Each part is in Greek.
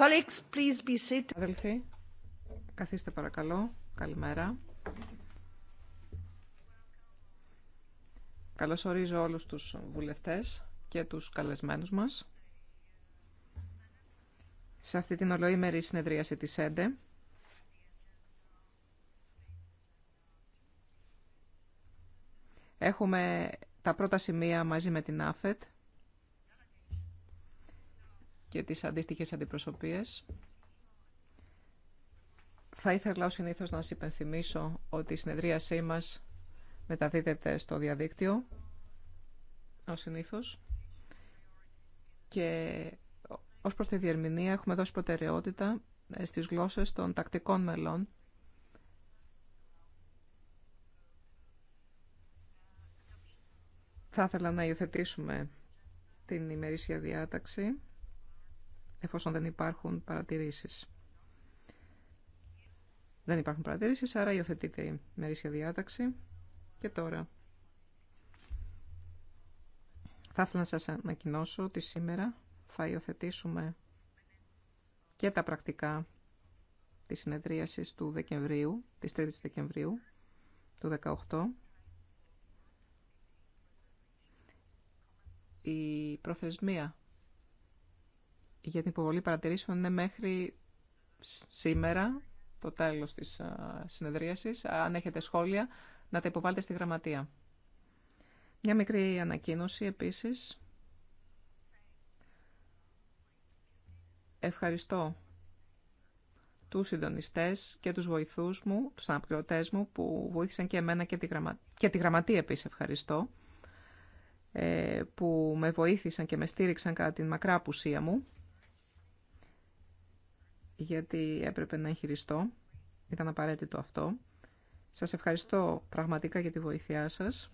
Colleagues, καθίστε παρακαλώ. Καλημέρα. Καλώς ορίζω όλους τους βουλευτές και τους καλεσμένους μας σε αυτή την ολοήμερη συνεδρίαση της ΕΝΤΕ. Έχουμε τα πρώτα σημεία μαζί με την ΑΦΕΤ και τις αντίστοιχες αντιπροσωπείες. Θα ήθελα ως συνήθως να σας υπενθυμίσω ότι η συνεδρίασή μας μεταδίδεται στο διαδίκτυο, ως συνήθως. Και ως προς τη διερμηνία έχουμε δώσει προτεραιότητα ε, στις γλώσσες των τακτικών μελών Θα ήθελα να υιοθετήσουμε την ημερήσια διάταξη εφόσον δεν υπάρχουν παρατηρήσεις. Δεν υπάρχουν παρατηρήσεις, άρα υιοθετείται η μερίσια διάταξη. Και τώρα θα ήθελα να σας ανακοινώσω ότι σήμερα θα υιοθετήσουμε και τα πρακτικά της συνεδρίασης του Δεκεμβρίου, της 3ης Δεκεμβρίου του 2018. Η προθεσμία για την υποβολή παρατηρήσεων είναι μέχρι σήμερα, το τέλος της συνεδρίασης. Αν έχετε σχόλια, να τα υποβάλλετε στη γραμματεία. Μια μικρή ανακοίνωση επίσης. Ευχαριστώ τους συντονιστές και τους βοηθούς μου, τους αναπληρωτές μου που βοήθησαν και εμένα και τη, γραμμα... και τη γραμματεία επίσης ευχαριστώ ε, που με βοήθησαν και με στήριξαν κατά την μακρά απουσία μου γιατί έπρεπε να εγχειριστώ. Ήταν απαραίτητο αυτό. Σας ευχαριστώ πραγματικά για τη βοήθειά σας.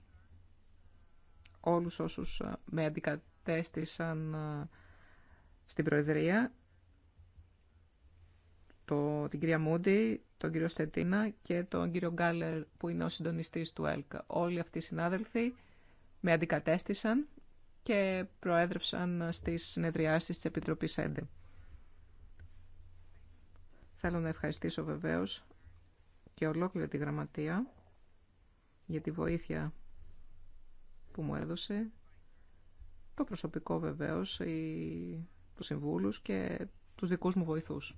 Όλους όσους ε, με αντικατέστησαν ε, στην Προεδρία, το, την κυρία Μούντι, τον κύριο Στετίνα και τον κύριο Γκάλερ που είναι ο συντονιστής του ΕΛΚΑ. Όλοι αυτοί οι συνάδελφοι με αντικατέστησαν και προέδρευσαν στις συνεδριάσεις της Επιτροπής ΕΝΤΕ. Θέλω να ευχαριστήσω βεβαίως και ολόκληρη τη γραμματεία για τη βοήθεια που μου έδωσε, το προσωπικό βεβαίως, οι, τους συμβούλους και τους δικούς μου βοηθούς.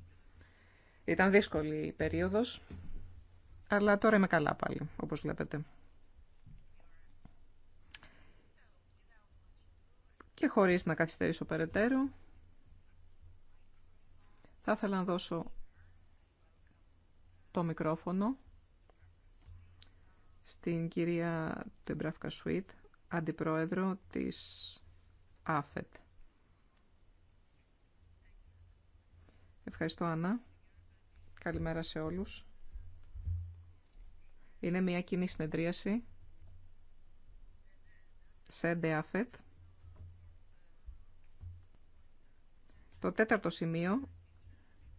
Ήταν δύσκολη η περίοδος, αλλά τώρα είμαι καλά πάλι, όπως βλέπετε. Και χωρίς να καθυστερήσω περαιτέρω, θα ήθελα να δώσω το μικρόφωνο στην κυρία Τεμπράφκα Σουίτ, αντιπρόεδρο της ΑΦΕΤ. Ευχαριστώ, Άννα. Καλημέρα σε όλους. Είναι μια κοινή συνεδρίαση σε ΑΦΕΤ. Το τέταρτο σημείο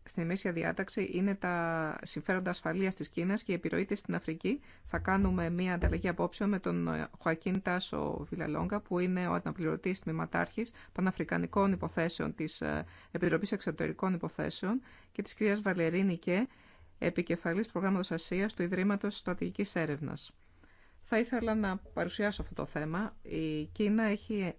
στην ημίσια διάταξη είναι τα συμφέροντα ασφαλεία τη Κίνα και η επιρροή τη στην Αφρική. Θα κάνουμε μία ανταλλαγή απόψεων με τον ε, Χωακίν Τάσο Βιλαλόγκα, που είναι ο αναπληρωτή τμήματάρχη Παναφρικανικών Υποθέσεων τη ε, Επιτροπή Εξωτερικών Υποθέσεων και τη κυρία Βαλερίνη Κε, επικεφαλή προγράμματο Ασία του Ιδρύματο Στρατηγική Έρευνα. Θα ήθελα να παρουσιάσω αυτό το θέμα. Η Κίνα έχει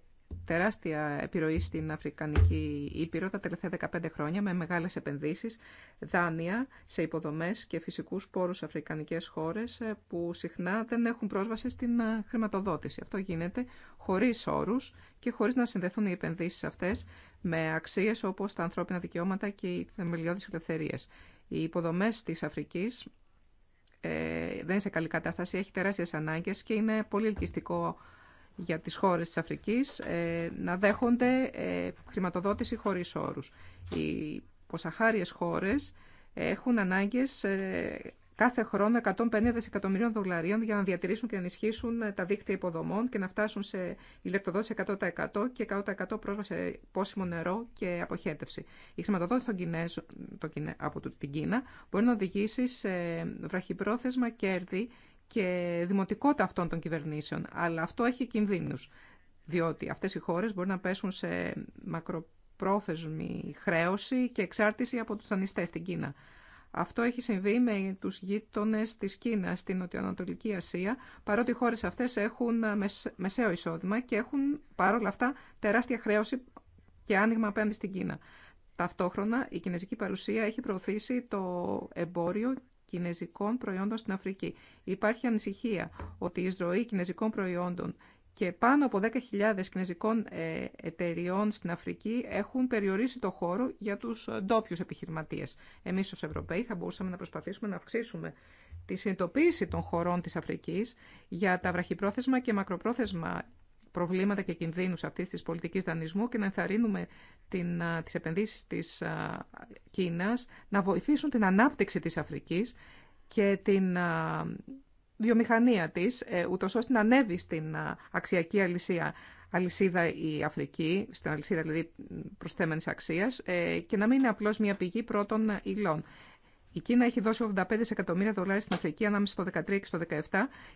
τεράστια επιρροή στην Αφρικανική Ήπειρο τα τελευταία 15 χρόνια με μεγάλες επενδύσεις, δάνεια σε υποδομές και φυσικούς πόρους σε αφρικανικές χώρες ε, που συχνά δεν έχουν πρόσβαση στην ε, χρηματοδότηση. Αυτό γίνεται χωρίς όρους και χωρίς να συνδεθούν οι επενδύσεις αυτές με αξίες όπως τα ανθρώπινα δικαιώματα και οι θεμελιώδεις ελευθερίες. Οι υποδομές της Αφρικής ε, δεν είναι σε καλή κατάσταση, έχει τεράστιες ανάγκες και είναι πολύ ελκυστικό για τις χώρες της Αφρικής ε, να δέχονται ε, χρηματοδότηση χωρίς όρους. Οι ποσαχάριες χώρες έχουν ανάγκες ε, κάθε χρόνο 150 δισεκατομμυρίων δολαρίων για να διατηρήσουν και να ενισχύσουν τα δίκτυα υποδομών και να φτάσουν σε ηλεκτροδότηση 100% και 100% πρόσβαση σε πόσιμο νερό και αποχέτευση. Η χρηματοδότηση των από την Κίνα μπορεί να οδηγήσει σε βραχυπρόθεσμα κέρδη και δημοτικότητα αυτών των κυβερνήσεων. Αλλά αυτό έχει κινδύνους, διότι αυτές οι χώρες μπορεί να πέσουν σε μακροπρόθεσμη χρέωση και εξάρτηση από τους δανειστές στην Κίνα. Αυτό έχει συμβεί με τους γείτονες της Κίνας στην Νοτιοανατολική Ασία, παρότι οι χώρες αυτές έχουν μεσαίο εισόδημα και έχουν παρόλα αυτά τεράστια χρέωση και άνοιγμα απέναντι στην Κίνα. Ταυτόχρονα, η κινέζικη παρουσία έχει προωθήσει το εμπόριο κινέζικων προϊόντων στην Αφρική. Υπάρχει ανησυχία ότι η εισρωή κινέζικων προϊόντων και πάνω από 10.000 κινέζικων ε, εταιριών στην Αφρική έχουν περιορίσει το χώρο για τους ντόπιου επιχειρηματίες. Εμείς ως Ευρωπαίοι θα μπορούσαμε να προσπαθήσουμε να αυξήσουμε τη συνειδητοποίηση των χωρών της Αφρικής για τα βραχυπρόθεσμα και μακροπρόθεσμα προβλήματα και κινδύνους αυτής της πολιτικής δανεισμού και να ενθαρρύνουμε την, τις επενδύσεις της Κίνας να βοηθήσουν την ανάπτυξη της Αφρικής και την βιομηχανία της, ε, ούτως ώστε να ανέβει στην αξιακή αλυσία αλυσίδα η Αφρική, στην αλυσίδα δηλαδή προσθέμενης αξίας ε, και να μην είναι απλώς μια πηγή πρώτων υλών. Η Κίνα έχει δώσει 85 δισεκατομμύρια δολάρια στην Αφρική ανάμεσα στο 2013 και στο 2017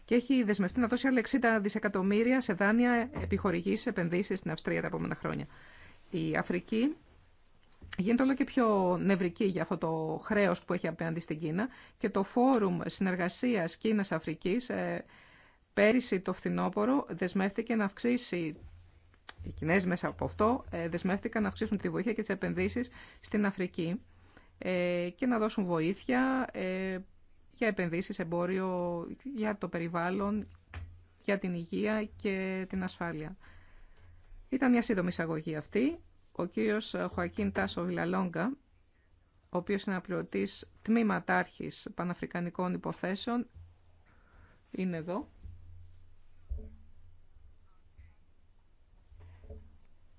και έχει δεσμευτεί να δώσει άλλα 60 δισεκατομμύρια σε δάνεια επιχορηγήσει επενδύσει στην Αυστρία τα επόμενα χρόνια. Η Αφρική γίνεται όλο και πιο νευρική για αυτό το χρέο που έχει απέναντι στην Κίνα και το Φόρουμ Συνεργασία Κίνα-Αφρική ε, πέρυσι το φθινόπωρο δεσμεύτηκε να αυξήσει οι Κινέζοι μέσα από αυτό ε, δεσμεύτηκαν να αυξήσουν τη βοήθεια και τις επενδύσεις στην Αφρική ε, και να δώσουν βοήθεια ε, για επενδύσεις, εμπόριο, για το περιβάλλον, για την υγεία και την ασφάλεια. Ήταν μια σύντομη εισαγωγή αυτή. Ο κύριος Χουακίν Τάσο Βιλαλόγκα, ο οποίος είναι απλωτής τμήματάρχης Παναφρικανικών Υποθέσεων, είναι εδώ.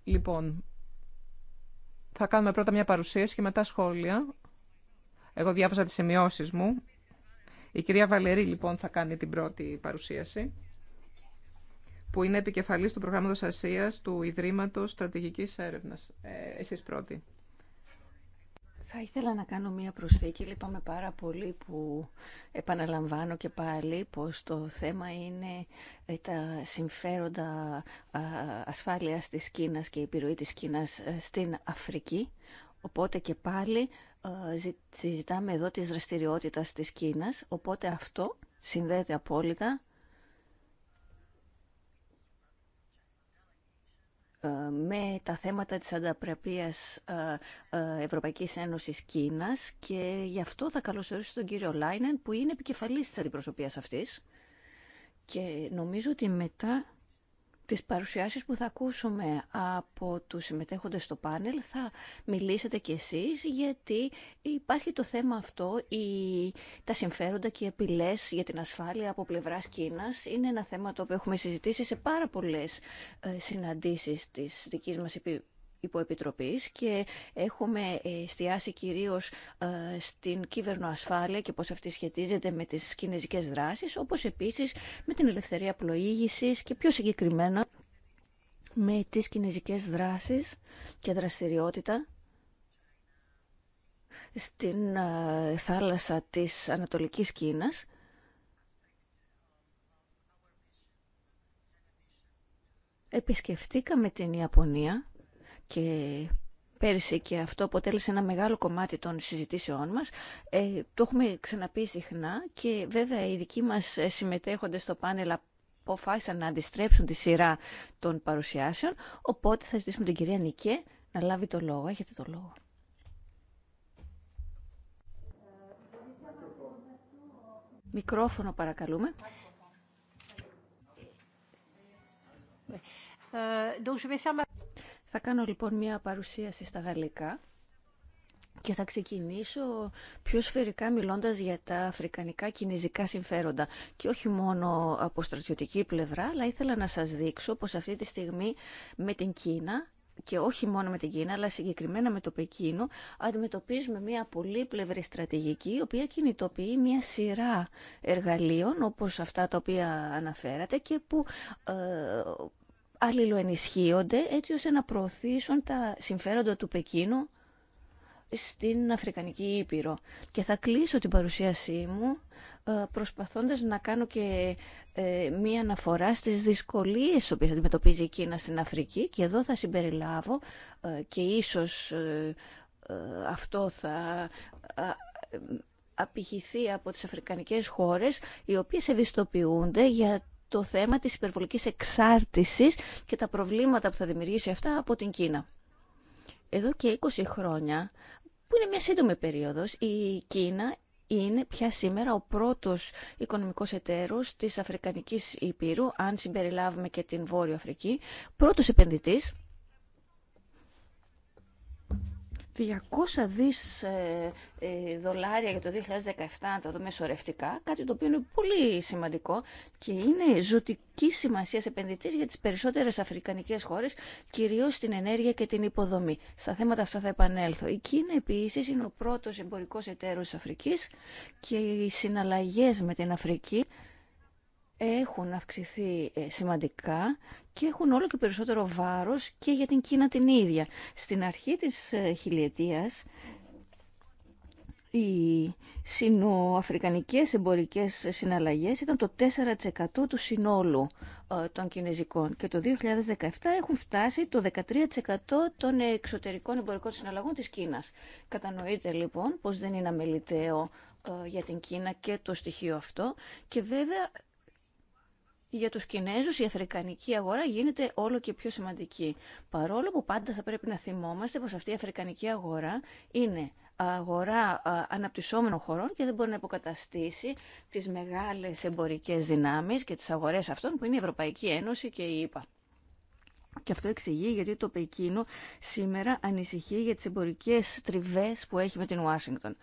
Λοιπόν, θα κάνουμε πρώτα μια παρουσίαση και μετά σχόλια. Εγώ διάβασα τις σημειώσει μου. Η κυρία Βαλερή λοιπόν θα κάνει την πρώτη παρουσίαση που είναι επικεφαλής του προγράμματος Ασίας του Ιδρύματος Στρατηγικής Έρευνας. Ε, εσείς πρώτοι. Θα ήθελα να κάνω μία προσθήκη. Λυπάμαι πάρα πολύ που επαναλαμβάνω και πάλι πως το θέμα είναι ε, τα συμφέροντα ασφάλειας της Κίνας και η επιρροή της Κίνας ε, στην Αφρική. Οπότε και πάλι ε, συζητάμε εδώ τις δραστηριότητες της Κίνας. Οπότε αυτό συνδέεται απόλυτα Ε, με τα θέματα της ανταπρεπίας ε, ε, Ευρωπαϊκής Ένωσης Κίνας και γι' αυτό θα καλωσορίσω τον κύριο Λάινεν που είναι επικεφαλής της αντιπροσωπείας αυτής και νομίζω ότι μετά τις παρουσιάσεις που θα ακούσουμε από τους συμμετέχοντες στο πάνελ θα μιλήσετε κι εσείς γιατί υπάρχει το θέμα αυτό, η, τα συμφέροντα και οι επιλές για την ασφάλεια από πλευράς Κίνας είναι ένα θέμα το οποίο έχουμε συζητήσει σε πάρα πολλές ε, συναντήσεις της δικής μας επι υποεπιτροπής και έχουμε ε, εστιάσει κυρίως ε, στην κυβερνοασφάλεια και πώς αυτή σχετίζεται με τις κινέζικες δράσεις, όπως επίσης με την ελευθερία πλοήγησης και πιο συγκεκριμένα με τις κινέζικες δράσεις και δραστηριότητα στην ε, θάλασσα της Ανατολικής Κίνας. Επισκεφτήκαμε την Ιαπωνία και πέρσι και αυτό αποτέλεσε ένα μεγάλο κομμάτι των συζητήσεών μας. το έχουμε ξαναπεί συχνά και βέβαια οι δικοί μας συμμετέχοντες στο πάνελ αποφάσισαν να αντιστρέψουν τη σειρά των παρουσιάσεων, οπότε θα ζητήσουμε την κυρία Νικέ να λάβει το λόγο. Έχετε το λόγο. Μικρόφωνο παρακαλούμε. Θα κάνω λοιπόν μια παρουσίαση στα γαλλικά και θα ξεκινήσω πιο σφαιρικά μιλώντας για τα αφρικανικά κινέζικα συμφέροντα και όχι μόνο από στρατιωτική πλευρά, αλλά ήθελα να σας δείξω πως αυτή τη στιγμή με την Κίνα και όχι μόνο με την Κίνα, αλλά συγκεκριμένα με το Πεκίνο, αντιμετωπίζουμε μια πολύπλευρη στρατηγική, η οποία κινητοποιεί μια σειρά εργαλείων, όπως αυτά τα οποία αναφέρατε, και που ε, αλληλοενισχύονται έτσι ώστε να προωθήσουν τα συμφέροντα του Πεκίνου στην Αφρικανική Ήπειρο. Και θα κλείσω την παρουσίασή μου ε, προσπαθώντας να κάνω και ε, μία αναφορά στις δυσκολίες που αντιμετωπίζει η Κίνα στην Αφρική και εδώ θα συμπεριλάβω ε, και ίσως αυτό θα απηχηθεί από τις αφρικανικές χώρες οι οποίες ευιστοποιούνται για το θέμα της υπερβολικής εξάρτησης και τα προβλήματα που θα δημιουργήσει αυτά από την Κίνα. Εδώ και 20 χρόνια, που είναι μια σύντομη περίοδος, η Κίνα είναι πια σήμερα ο πρώτος οικονομικός εταίρος της Αφρικανικής Υπήρου, αν συμπεριλάβουμε και την Βόρεια Αφρική, πρώτος επενδυτής 200 δις ε, ε, δολάρια για το 2017 τα δούμε σωρευτικά, κάτι το οποίο είναι πολύ σημαντικό και είναι ζωτική σημασία επενδυτή για τις περισσότερες αφρικανικές χώρες, κυρίως στην ενέργεια και την υποδομή. Στα θέματα αυτά θα επανέλθω. Η Κίνα επίσης είναι ο πρώτος εμπορικός εταίρος της Αφρικής και οι συναλλαγές με την Αφρική έχουν αυξηθεί ε, σημαντικά και έχουν όλο και περισσότερο βάρος και για την Κίνα την ίδια. Στην αρχή της ε, χιλιετίας οι συνοαφρικανικές εμπορικές συναλλαγές ήταν το 4% του συνόλου ε, των κινέζικων και το 2017 έχουν φτάσει το 13% των εξωτερικών εμπορικών συναλλαγών της Κίνας. Κατανοείται, λοιπόν πως δεν είναι αμεληταίο για την Κίνα και το στοιχείο αυτό και βέβαια για τους Κινέζους η αφρικανική αγορά γίνεται όλο και πιο σημαντική. Παρόλο που πάντα θα πρέπει να θυμόμαστε πως αυτή η αφρικανική αγορά είναι αγορά αναπτυσσόμενων χωρών και δεν μπορεί να υποκαταστήσει τις μεγάλες εμπορικές δυνάμεις και τις αγορές αυτών που είναι η Ευρωπαϊκή Ένωση και η ΕΠΑ. Και αυτό εξηγεί γιατί το Πεκίνο σήμερα ανησυχεί για τις εμπορικές τριβές που έχει με την Ουάσιγκτον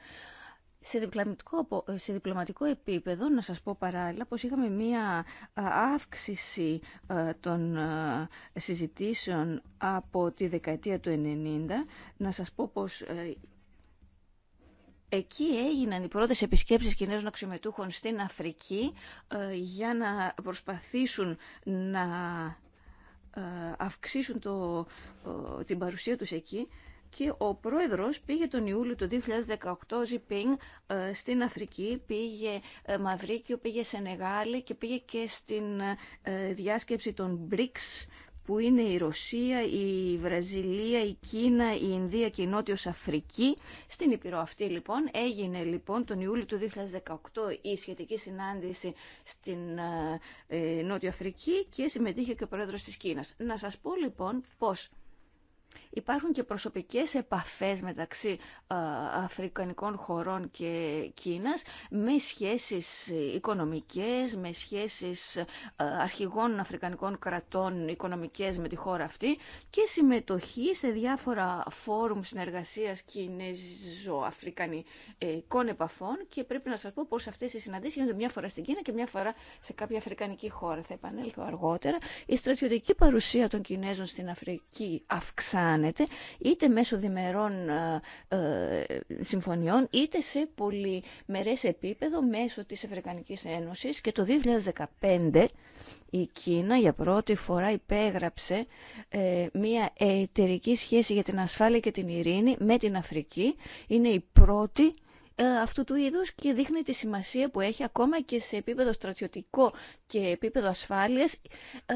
σε διπλωματικό, ε, σε διπλωματικό επίπεδο, να σας πω παράλληλα, πως είχαμε μία αύξηση ε, των ε, συζητήσεων από τη δεκαετία του 90. Να σας πω πως Εκεί έγιναν οι πρώτες επισκέψεις Κινέζων αξιωμετούχων στην Αφρική για να προσπαθήσουν να αυξήσουν το, την παρουσία τους εκεί και ο πρόεδρος πήγε τον Ιούλιο του 2018, Ζιπίνγκ, ε, στην Αφρική, πήγε ε, Μαυρίκιο, πήγε Σενεγάλη και πήγε και στην ε, διάσκεψη των BRICS, που είναι η Ρωσία, η Βραζιλία, η Κίνα, η Ινδία και η Νότιος Αφρική. Στην Ήπειρο αυτή λοιπόν έγινε λοιπόν τον Ιούλιο του 2018 η σχετική συνάντηση στην ε, Νότιο Αφρική και συμμετείχε και ο πρόεδρος της Κίνας. Να σας πω λοιπόν πώς Υπάρχουν και προσωπικές επαφές μεταξύ αφρικανικών χωρών και Κίνας με σχέσεις οικονομικές, με σχέσεις αρχηγών αφρικανικών κρατών οικονομικές με τη χώρα αυτή και συμμετοχή σε διάφορα φόρουμ συνεργασίας κινέζο-αφρικανικών ε, επαφών και πρέπει να σας πω πως αυτές οι συναντήσεις γίνονται μια φορά στην Κίνα και μια φορά σε κάποια αφρικανική χώρα. Θα επανέλθω αργότερα. Η στρατιωτική παρουσία των Κινέζων στην Αφρική αυξάνεται αυξάνεται είτε μέσω διμερών ε, ε, συμφωνιών είτε σε πολυμερές επίπεδο μέσω της Αφρικανικής Ένωσης και το 2015 η Κίνα για πρώτη φορά υπέγραψε ε, μια εταιρική σχέση για την ασφάλεια και την ειρήνη με την Αφρική. Είναι η πρώτη αυτού του είδους και δείχνει τη σημασία που έχει ακόμα και σε επίπεδο στρατιωτικό και επίπεδο ασφάλειας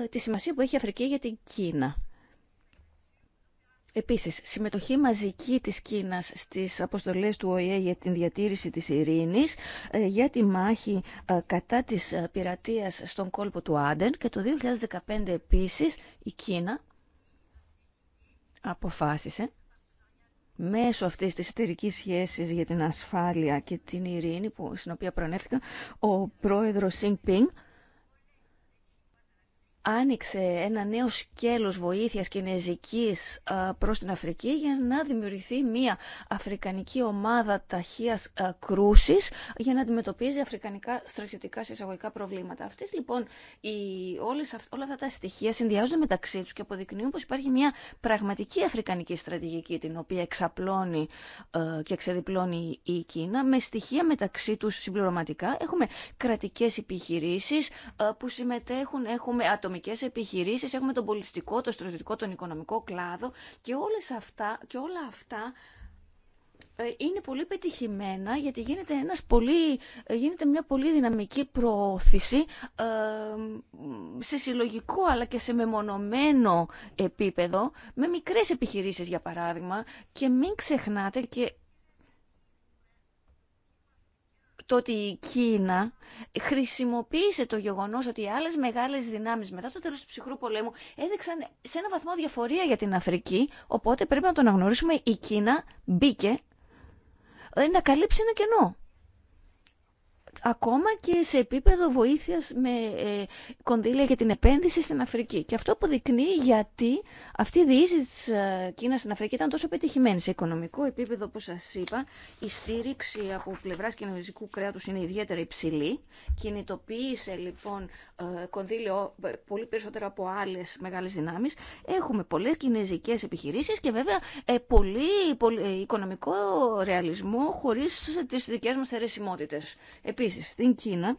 τη σημασία που έχει η Αφρική για την Κίνα. Επίσης, συμμετοχή μαζική της Κίνας στις αποστολές του ΟΗΕ για την διατήρηση της ειρήνης, ε, για τη μάχη ε, κατά της ε, πειρατείας στον κόλπο του Άντεν και το 2015 επίσης η Κίνα αποφάσισε μέσω αυτής της εταιρική σχέσης για την ασφάλεια και την ειρήνη που, στην οποία προανέφθηκα ο πρόεδρος Σιν Πινγκ άνοιξε ένα νέο σκέλος βοήθειας κινέζικης προς την Αφρική για να δημιουργηθεί μια αφρικανική ομάδα ταχείας κρούσης για να αντιμετωπίζει αφρικανικά στρατιωτικά σε εισαγωγικά προβλήματα. Αυτές λοιπόν οι, όλες, όλα αυτά τα στοιχεία συνδυάζονται μεταξύ τους και αποδεικνύουν πως υπάρχει μια πραγματική αφρικανική στρατηγική την οποία εξαπλώνει και εξεδιπλώνει η Κίνα με στοιχεία μεταξύ τους συμπληρωματικά. Έχουμε κρατικές επιχειρήσεις που συμμετέχουν, έχουμε ατομικέ επιχειρήσεις, έχουμε τον πολιτιστικό, το στρατιωτικό, τον οικονομικό κλάδο και, όλες αυτά, και όλα αυτά ε, είναι πολύ πετυχημένα γιατί γίνεται, ένας πολύ, ε, γίνεται μια πολύ δυναμική προώθηση ε, σε συλλογικό αλλά και σε μεμονωμένο επίπεδο με μικρές επιχειρήσεις για παράδειγμα και μην ξεχνάτε και το ότι η Κίνα χρησιμοποίησε το γεγονός ότι οι άλλες μεγάλες δυνάμεις μετά το τέλο του ψυχρού πολέμου έδειξαν σε ένα βαθμό διαφορία για την Αφρική, οπότε πρέπει να το αναγνωρίσουμε η Κίνα μπήκε ε, να καλύψει ένα κενό ακόμα και σε επίπεδο βοήθειας με ε, κονδύλια για την επένδυση στην Αφρική. Και αυτό αποδεικνύει γιατί αυτή η διοίκηση της ε, Κίνας στην Αφρική ήταν τόσο πετυχημένη. Σε οικονομικό επίπεδο, όπως σας είπα, η στήριξη από πλευράς κοινωνιστικού κράτους είναι ιδιαίτερα υψηλή. Κινητοποίησε λοιπόν ε, κονδύλιο πολύ περισσότερο από άλλες μεγάλες δυνάμεις. Έχουμε πολλές κινέζικες επιχειρήσεις και βέβαια πολύ, πολύ οικονομικό ρεαλισμό χωρίς τις δικές μας αιρεσιμότητες στην Κίνα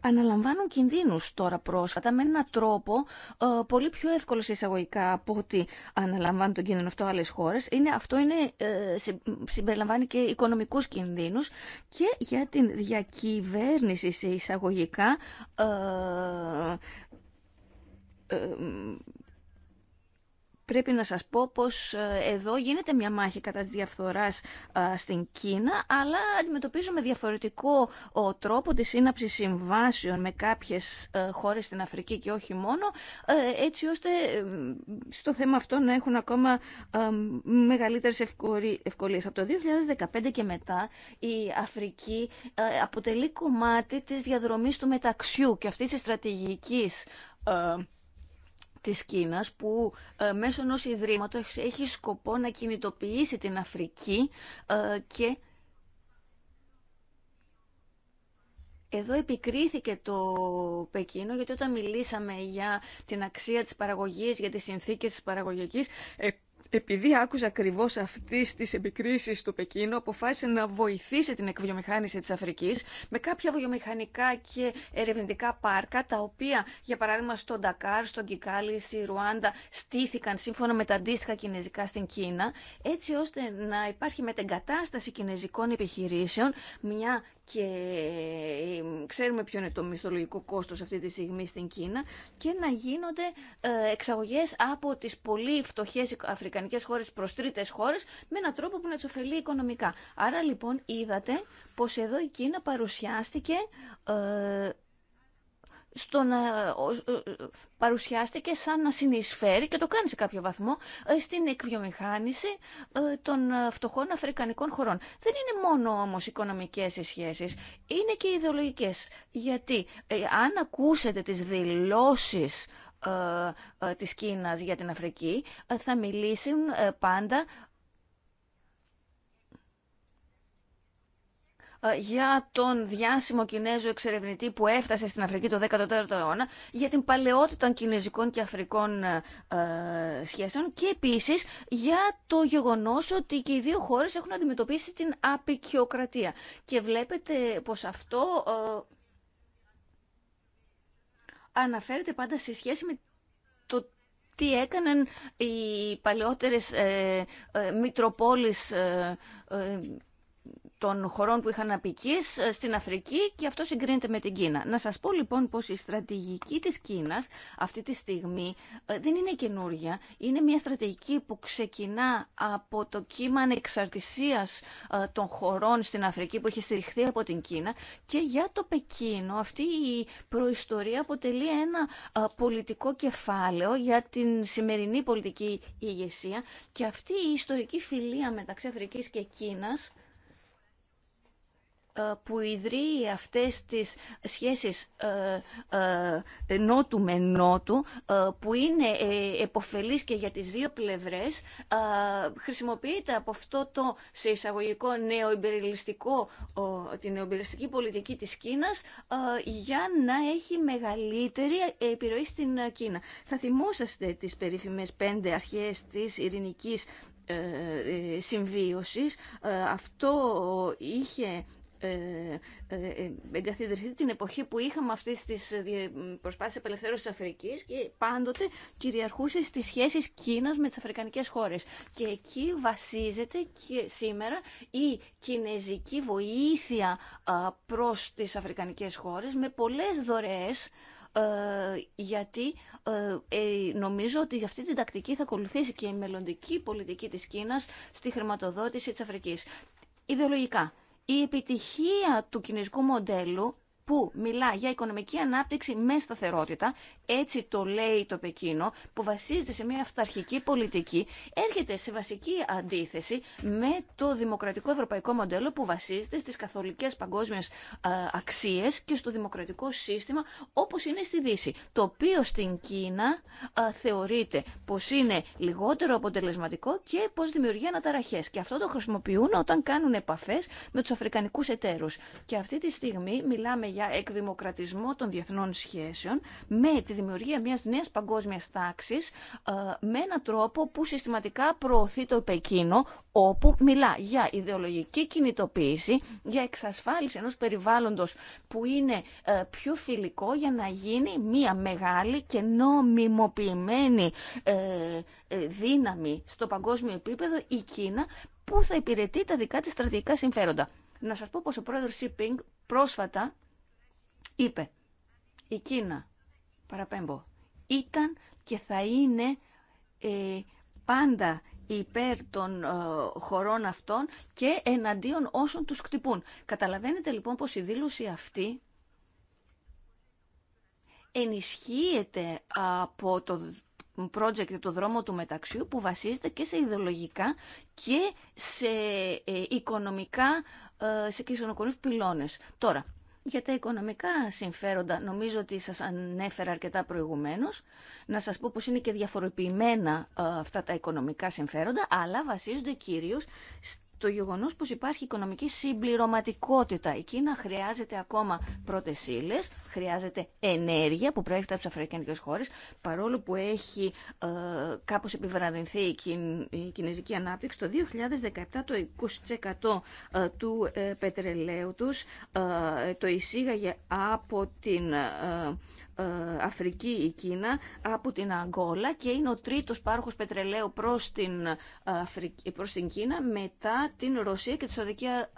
αναλαμβάνουν κινδύνους τώρα πρόσφατα με έναν τρόπο ε, πολύ πιο εύκολο σε εισαγωγικά από ότι αναλαμβάνουν τον κίνδυνο αυτό άλλες χώρες. Είναι, αυτό είναι, ε, συμπεριλαμβάνει και οικονομικούς κινδύνους και για την διακυβέρνηση σε εισαγωγικά ε, ε, Πρέπει να σας πω πως ε, εδώ γίνεται μια μάχη κατά τη διαφθοράς ε, στην Κίνα, αλλά αντιμετωπίζουμε διαφορετικό τρόπο τη σύναψη συμβάσεων με κάποιες ε, χώρες στην Αφρική και όχι μόνο, έτσι ώστε στο θέμα αυτό να έχουν ακόμα μεγαλύτερες ευκολίες. Από το 2015 και μετά η Αφρική αποτελεί κομμάτι της διαδρομής του μεταξιού και αυτής της στρατηγικής της Κίνας που ε, μέσω ενός ιδρύματος έχει σκοπό να κινητοποιήσει την Αφρική ε, και Εδώ επικρίθηκε το Πεκίνο γιατί όταν μιλήσαμε για την αξία της παραγωγής, για τις συνθήκες της παραγωγικής, ε, επειδή άκουσα ακριβώ αυτή τη επικρίση του Πεκίνο, αποφάσισε να βοηθήσει την εκβιομηχάνηση τη Αφρική με κάποια βιομηχανικά και ερευνητικά πάρκα, τα οποία, για παράδειγμα, στο Ντακάρ, στον Κικάλι, στη Ρουάντα, στήθηκαν σύμφωνα με τα αντίστοιχα κινέζικα στην Κίνα, έτσι ώστε να υπάρχει μετεγκατάσταση κινέζικων επιχειρήσεων, μια και ξέρουμε ποιο είναι το μισθολογικό κόστος αυτή τη στιγμή στην Κίνα και να γίνονται ε, εξαγωγές από τις πολύ φτωχές αφρικανικές χώρες προς τρίτες χώρες με έναν τρόπο που να τους ωφελεί οικονομικά. Άρα λοιπόν είδατε πως εδώ η Κίνα παρουσιάστηκε ε, στο να παρουσιάστηκε σαν να συνεισφέρει και το κάνει σε κάποιο βαθμό ε, στην εκβιομηχάνηση ε, των ε, φτωχών αφρικανικών χωρών. Δεν είναι μόνο όμως οικονομικές οι σχέσεις, είναι και ιδεολογικές. Γιατί αν ακούσετε τις δηλώσεις της Κίνας για την Αφρική θα μιλήσουν πάντα Ε, για τον διάσημο Κινέζο εξερευνητή που έφτασε στην Αφρική το 14ο αιώνα, για την παλαιότητα Κινέζικων και Αφρικών ε, ε, σχέσεων και επίσης για το γεγονός ότι και οι δύο χώρες έχουν αντιμετωπίσει την απεικιοκρατία. Και βλέπετε πως αυτό ε, αναφέρεται πάντα σε σχέση με το τι έκαναν οι παλαιότερες ε, μητροπόλεις των χωρών που είχαν απικείς ε, στην Αφρική και αυτό συγκρίνεται με την Κίνα. Να σας πω λοιπόν πως η στρατηγική της Κίνας αυτή τη στιγμή ε, δεν είναι καινούρια. Είναι μια στρατηγική που ξεκινά από το κύμα ανεξαρτησίας ε, των χωρών στην Αφρική που έχει στηριχθεί από την Κίνα και για το Πεκίνο αυτή η προϊστορία αποτελεί ένα πολιτικό κεφάλαιο για την σημερινή πολιτική ηγεσία και αυτή η ιστορική φιλία μεταξύ Αφρικής και Κίνας ε, που ιδρύει αυτές τις σχέσεις ε, ε, νότου με νότου, που είναι εποφελής και για τις δύο πλευρές, χρησιμοποιείται από αυτό το σε εισαγωγικό νεοεμπεριλιστικό, την νεοεμπεριλιστική πολιτική της Κίνας, για να έχει μεγαλύτερη επιρροή στην Κίνα. Θα θυμόσαστε τις περίφημες πέντε αρχές της ειρηνικής συμβίωσης. Αυτό είχε ε, ε, ε, εγκαθιδρυθεί την εποχή που είχαμε αυτή τις προσπάθειες απελευθέρωσης τη Αφρικής και πάντοτε κυριαρχούσε στις σχέσεις Κίνας με τις αφρικανικές χώρες. Και εκεί βασίζεται και σήμερα η κινέζικη βοήθεια προς τις αφρικανικές χώρες με πολλές δωρεές γιατί νομίζω ότι αυτή την τακτική θα ακολουθήσει και η μελλοντική πολιτική της Κίνας στη χρηματοδότηση της Αφρικής. Ιδεολογικά η επιτυχία του κινέζικου μοντέλου που μιλά για οικονομική ανάπτυξη με σταθερότητα έτσι το λέει το Πεκίνο, που βασίζεται σε μια αυταρχική πολιτική, έρχεται σε βασική αντίθεση με το δημοκρατικό ευρωπαϊκό μοντέλο που βασίζεται στις καθολικές παγκόσμιες αξίες και στο δημοκρατικό σύστημα όπως είναι στη Δύση, το οποίο στην Κίνα θεωρείται πως είναι λιγότερο αποτελεσματικό και πως δημιουργεί αναταραχές. Και αυτό το χρησιμοποιούν όταν κάνουν επαφές με τους αφρικανικούς εταίρους. Και αυτή τη στιγμή μιλάμε για εκδημοκρατισμό των διεθνών σχέσεων με τη δημιουργία μιας νέας παγκόσμιας τάξης ε, με έναν τρόπο που συστηματικά προωθεί το Πεκίνο όπου μιλά για ιδεολογική κινητοποίηση, για εξασφάλιση ενός περιβάλλοντος που είναι ε, πιο φιλικό για να γίνει μια μεγάλη και νομιμοποιημένη ε, δύναμη στο παγκόσμιο επίπεδο η Κίνα που θα υπηρετεί τα δικά της στρατηγικά συμφέροντα. Να σας πω πως ο πρόεδρος Σιπίνγκ πρόσφατα είπε η Κίνα παραπέμπω, ήταν και θα είναι ε, πάντα υπέρ των ε, χωρών αυτών και εναντίον όσων τους κτυπούν. Καταλαβαίνετε λοιπόν πως η δήλωση αυτή ενισχύεται από το project το δρόμο του μεταξιού που βασίζεται και σε ιδεολογικά και σε ε, οικονομικά, σε κοινωνικούς πυλώνες. Τώρα, για τα οικονομικά συμφέροντα, νομίζω ότι σας ανέφερα αρκετά προηγουμένως, να σας πω πως είναι και διαφοροποιημένα ε, αυτά τα οικονομικά συμφέροντα, αλλά βασίζονται κυρίως το γεγονός πω υπάρχει οικονομική συμπληρωματικότητα. Η Κίνα χρειάζεται ακόμα πρώτε ύλε, χρειάζεται ενέργεια που προέρχεται από τι Αφρικανικέ χώρε, παρόλο που έχει ε, κάπως επιβραδυνθεί η, η κινέζικη ανάπτυξη. Το 2017 το 20% ε, του ε, πετρελαίου του ε, το εισήγαγε από την ε, Αφρική η Κίνα από την Αγκόλα και είναι ο τρίτος πάροχος πετρελαίου προς την, ε, Αφρική, προς την Κίνα μετά την Ρωσία και τη Σαουδική ε,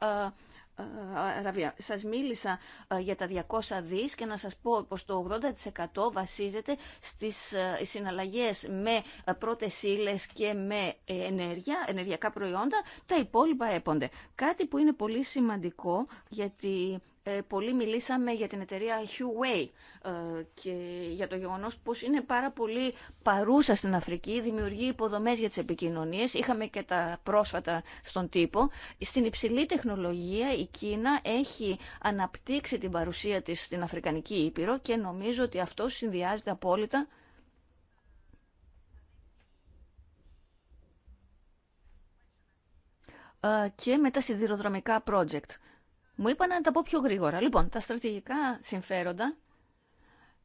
Αραβία. Σας μίλησα για τα 200 δις και να σας πω πως το 80% βασίζεται στις συναλλαγές με πρώτες ύλε και με ενέργεια, ενεργειακά προϊόντα, τα υπόλοιπα έπονται. Κάτι που είναι πολύ σημαντικό γιατί ε, πολύ μιλήσαμε για την εταιρεία Huawei ε, και για το γεγονός πως είναι πάρα πολύ παρούσα στην Αφρική, δημιουργεί υποδομές για τις επικοινωνίες, είχαμε και τα πρόσφατα στον τύπο. Στην υψηλή τεχνολογία η Κίνα έχει αναπτύξει την παρουσία της στην Αφρικανική Ήπειρο και νομίζω ότι αυτό συνδυάζεται απόλυτα ε, και με τα σιδηροδρομικά project. Μου είπαν να τα πω πιο γρήγορα. Λοιπόν, τα στρατηγικά συμφέροντα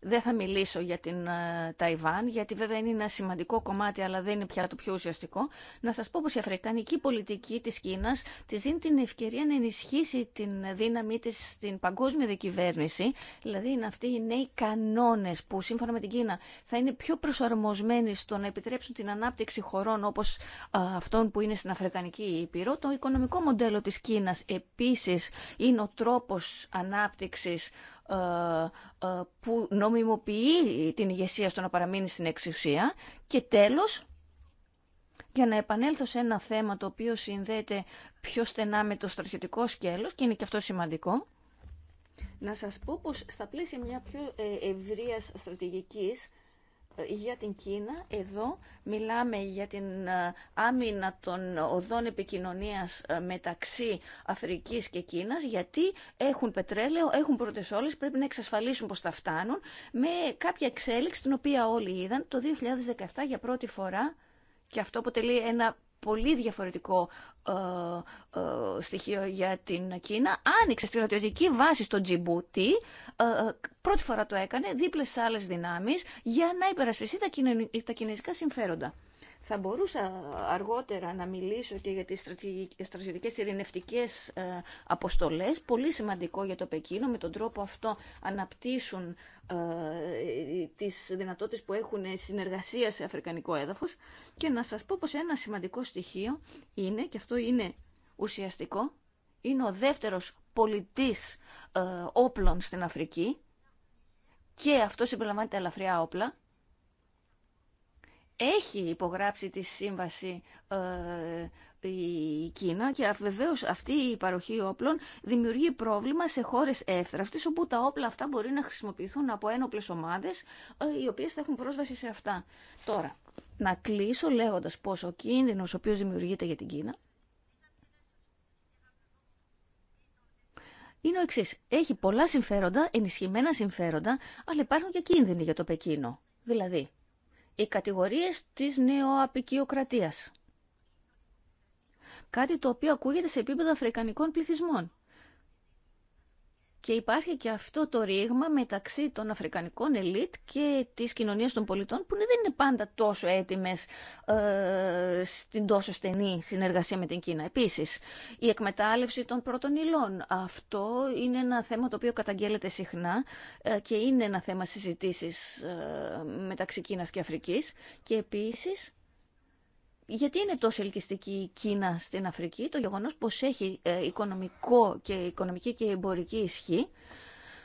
δεν θα μιλήσω για την ε, Ταϊβάν, γιατί βέβαια είναι ένα σημαντικό κομμάτι, αλλά δεν είναι πια το πιο ουσιαστικό. Να σας πω πως η αφρικανική πολιτική της Κίνας της δίνει την ευκαιρία να ενισχύσει την δύναμή της στην παγκόσμια δικυβέρνηση. δηλαδή είναι αυτοί οι νέοι κανόνες που σύμφωνα με την Κίνα θα είναι πιο προσαρμοσμένοι στο να επιτρέψουν την ανάπτυξη χωρών όπως ε, αυτών που είναι στην Αφρικανική Ήπειρο. Το οικονομικό μοντέλο της Κίνας επίσης είναι ο τρόπος ανάπτυξης ε, ε, που νομιμοποιεί την ηγεσία στο να παραμείνει στην εξουσία και τέλος για να επανέλθω σε ένα θέμα το οποίο συνδέεται πιο στενά με το στρατιωτικό σκέλος και είναι και αυτό σημαντικό να σας πω πως στα πλαίσια μια πιο ε, ευρείας στρατηγικής για την Κίνα. Εδώ μιλάμε για την ε, άμυνα των οδών επικοινωνίας ε, μεταξύ Αφρικής και Κίνας, γιατί έχουν πετρέλαιο, έχουν πρώτες όλες, πρέπει να εξασφαλίσουν πως τα φτάνουν, με κάποια εξέλιξη την οποία όλοι είδαν το 2017 για πρώτη φορά, και αυτό αποτελεί ένα πολύ διαφορετικό ε, ε, στοιχείο για την Κίνα, άνοιξε στρατιωτική βάση στο Τζιμπούτι, ε, πρώτη φορά το έκανε, δίπλες σε άλλες δυνάμεις, για να υπερασπιστεί τα, κινη... τα κινέζικα συμφέροντα. Θα μπορούσα αργότερα να μιλήσω και για τις στρατιωτικές ειρηνευτικές ε, αποστολές, πολύ σημαντικό για το Πεκίνο, με τον τρόπο αυτό αναπτύσσουν ε, τις δυνατότητες που έχουν συνεργασία σε αφρικανικό έδαφος και να σας πω πως ένα σημαντικό στοιχείο είναι, και αυτό είναι ουσιαστικό, είναι ο δεύτερος πολιτής ε, όπλων στην Αφρική και αυτό συμπεριλαμβάνεται ελαφριά όπλα έχει υπογράψει τη σύμβαση ε, η Κίνα και βεβαίω αυτή η παροχή όπλων δημιουργεί πρόβλημα σε χώρες εύθραυτη όπου τα όπλα αυτά μπορεί να χρησιμοποιηθούν από ένοπλες ομάδες ε, οι οποίες θα έχουν πρόσβαση σε αυτά. Τώρα, να κλείσω λέγοντας πως ο κίνδυνος ο οποίος δημιουργείται για την Κίνα είναι ο εξή. Έχει πολλά συμφέροντα, ενισχυμένα συμφέροντα, αλλά υπάρχουν και κίνδυνοι για το Πεκίνο. Δηλαδή, οι κατηγορίες της νεοαπικιοκρατίας. Κάτι το οποίο ακούγεται σε επίπεδο αφρικανικών πληθυσμών. Και υπάρχει και αυτό το ρήγμα μεταξύ των Αφρικανικών ελίτ και της κοινωνίας των πολιτών που δεν είναι πάντα τόσο έτοιμες ε, στην τόσο στενή συνεργασία με την Κίνα. Επίσης, η εκμετάλλευση των πρώτων υλών. Αυτό είναι ένα θέμα το οποίο καταγγέλλεται συχνά ε, και είναι ένα θέμα συζητήσεις ε, μεταξύ Κίνας και Αφρικής. Και επίσης, γιατί είναι τόσο ελκυστική η Κίνα στην Αφρική, το γεγονός πως έχει ε, οικονομικό και οικονομική και εμπορική ισχύ,